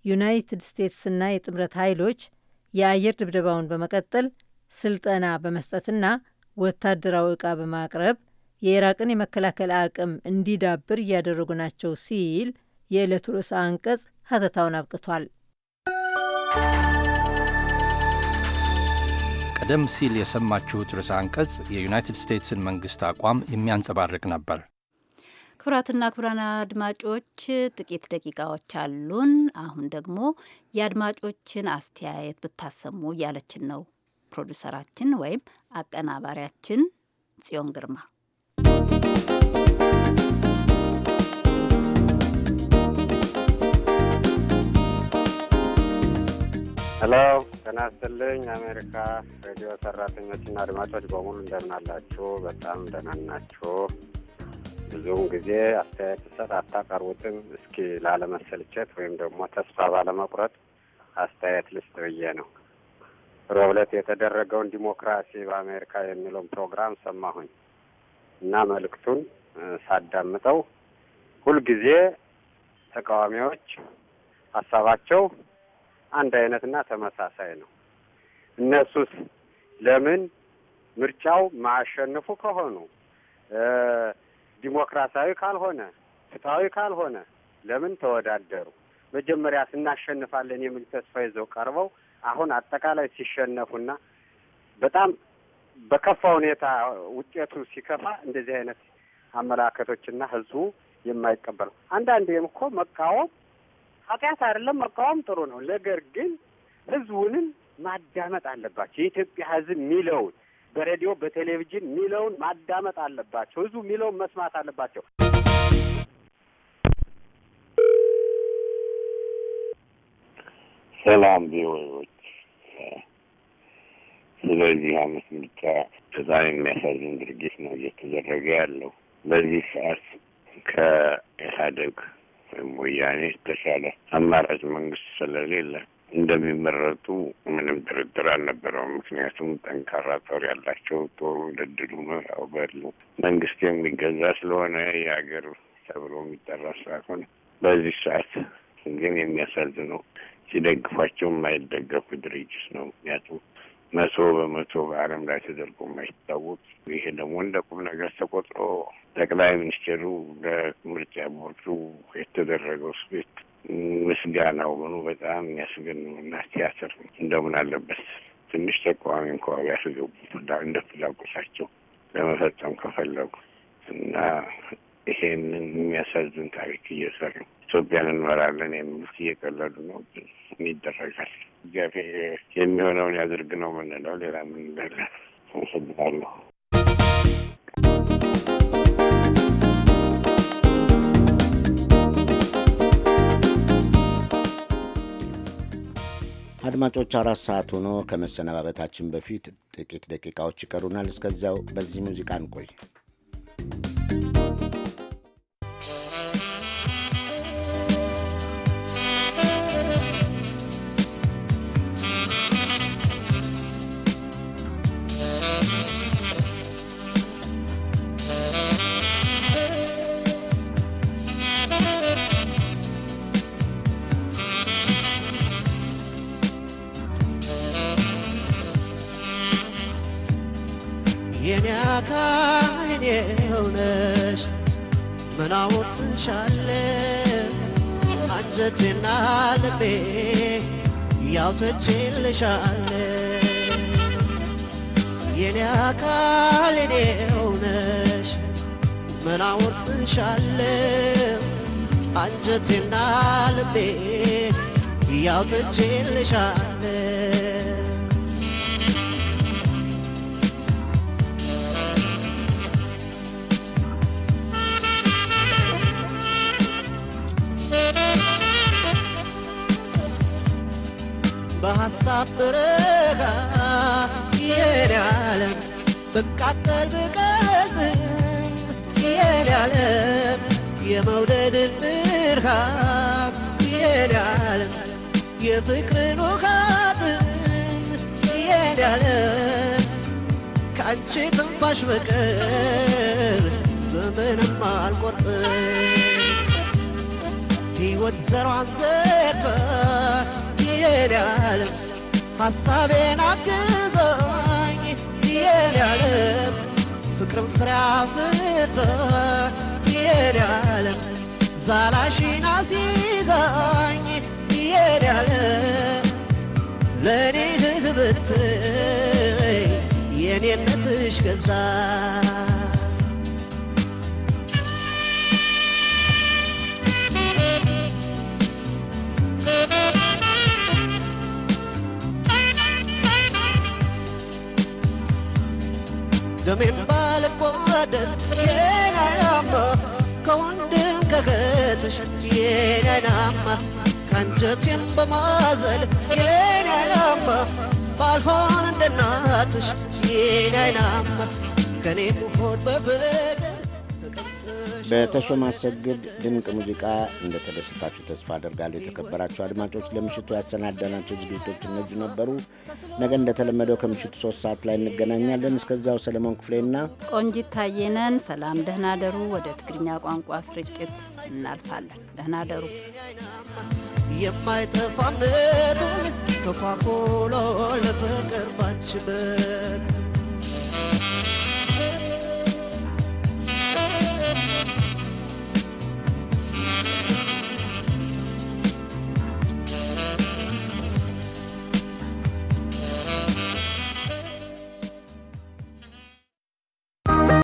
ዩናይትድ ስቴትስና የጥምረት ኃይሎች የአየር ድብደባውን በመቀጠል ስልጠና በመስጠትና ወታደራዊ ዕቃ በማቅረብ የኢራቅን የመከላከል አቅም እንዲዳብር እያደረጉ ናቸው ሲል የዕለቱ ርዕሰ አንቀጽ ሀተታውን አብቅቷል። ቀደም ሲል የሰማችሁት ርዕሰ አንቀጽ የዩናይትድ ስቴትስን መንግስት አቋም የሚያንጸባርቅ ነበር። ክቡራትና ክቡራን አድማጮች ጥቂት ደቂቃዎች አሉን። አሁን ደግሞ የአድማጮችን አስተያየት ብታሰሙ እያለችን ነው ፕሮዲሰራችን ወይም አቀናባሪያችን ጽዮን ግርማ ሄሎ ጤና ይስጥልኝ። አሜሪካ ሬዲዮ ሰራተኞችና አድማጮች በሙሉ እንደምን አላችሁ? በጣም ደህና ናችሁ? ብዙውን ጊዜ አስተያየት ሰጥ አታቀርቡትም። እስኪ ላለመሰልቸት ወይም ደግሞ ተስፋ ባለመቁረጥ አስተያየት ልስጥ ብዬ ነው። ሮብለት የተደረገውን ዲሞክራሲ በአሜሪካ የሚለውን ፕሮግራም ሰማሁኝ እና መልእክቱን ሳዳምጠው ሁልጊዜ ተቃዋሚዎች ሀሳባቸው አንድ አይነትና ተመሳሳይ ነው። እነሱስ ለምን ምርጫው ማያሸንፉ ከሆኑ ዲሞክራሲያዊ ካልሆነ ፍትሐዊ ካልሆነ ለምን ተወዳደሩ? መጀመሪያስ እናሸንፋለን የሚል ተስፋ ይዘው ቀርበው አሁን አጠቃላይ ሲሸነፉና በጣም በከፋ ሁኔታ ውጤቱ ሲከፋ እንደዚህ አይነት አመላከቶችና ህዝቡ የማይቀበለው አንዳንዴም እኮ መቃወም ኃጢአት አይደለም፣ መቃወም ጥሩ ነው። ነገር ግን ህዝቡንም ማዳመጥ አለባቸው። የኢትዮጵያ ህዝብ የሚለውን በሬዲዮ በቴሌቪዥን የሚለውን ማዳመጥ አለባቸው። ህዝቡ የሚለውን መስማት አለባቸው። ሰላም ቪኦኤዎች፣ ስለዚህ አመት ምርጫ በጣም የሚያሳዝን ድርጊት ነው እየተደረገ ያለው በዚህ ሰዓት ከኢህአደግ ወያኔ የተሻለ አማራጭ መንግስት ስለሌለ እንደሚመረጡ ምንም ድርድር አልነበረውም። ምክንያቱም ጠንካራ ጦር ያላቸው ጦሩ እንደድሉ ነው ያው በሉ መንግስት የሚገዛ ስለሆነ የሀገር ተብሎ የሚጠራ ሳይሆን በዚህ ሰዓት ግን የሚያሳዝነው ሲደግፏቸው የማይደገፉ ድርጅት ነው። ምክንያቱም መቶ በመቶ በዓለም ላይ ተደርጎ የማይታወቅ ይሄ ደግሞ እንደ ቁም ነገር ተቆጥሮ ጠቅላይ ሚኒስትሩ ለምርጫ ቦርዱ የተደረገው ስቤት ምስጋናው ምኑ በጣም የሚያስገንምና ቲያትር እንደምን አለበት ትንሽ ተቃዋሚ እንኳ ያስገቡ እንደ ፍላጎታቸው ለመፈጸም ከፈለጉ እና ይሄንን የሚያሳዝን ታሪክ እየሰሩ ኢትዮጵያን እንመራለን የሚሉት እየቀለዱ ነው፣ ግን ይደረጋል። እግዚአብሔር የሚሆነውን ያድርግ ነው የምንለው። ሌላ ምን አመሰግናለሁ። አድማጮች አራት ሰዓት ሆኖ ከመሰነባበታችን በፊት ጥቂት ደቂቃዎች ይቀሩናል። እስከዚያው በዚህ ሙዚቃ እንቆይ። ናወት ስንሻለ አንጀቴና ልቤ ያውተቼልሻለ የኔ አካል የኔ አንጀቴና ልቤ በሐሳብ ብረጋ የኔ ዓለም ብቃጠል ብቀዝም የኔ ዓለም የመውደድን ብርሃን የኔ ዓለም የፍቅርን ውሃትን የኔ ዓለም ከአንቺ ትንፋሽ በቀር በምንም አልቆርጥም ሕይወት ዘሯን ዘርታ የኔ ዓለም ሐሳቤን አግዘኝ የኔ ዓለም ፍቅርም ፍሬ አፍርቶ የኔ ዓለም ዛላሽን አስይዛኝ የኔ ዓለም ለእኔ ህብብት የኔነትሽ ገዛኝ ደሜም ባልቋደስ የኔ ከወንድም ከእህትሽ የኔ ከአንጀቴም በማዘል የኔ ባልሆን እንደ እናትሽ ከኔም ሆድ በፍቅር በተሾመ አሰግድ ድንቅ ሙዚቃ እንደተደሰታችሁ ተስፋ አደርጋለሁ። የተከበራችሁ አድማጮች ለምሽቱ ያሰናዳናቸው ዝግጅቶች እነዚህ ነበሩ። ነገ እንደተለመደው ከምሽቱ ሶስት ሰዓት ላይ እንገናኛለን። እስከዚያው ሰለሞን ክፍሌና ቆንጂት ታየነን ሰላም፣ ደህና ደሩ። ወደ ትግርኛ ቋንቋ ስርጭት እናልፋለን። ደህና ደሩ የማይጠፋነቱ ሰፋ ኮሎ ለፍቅር ባንችበት We'll be right back.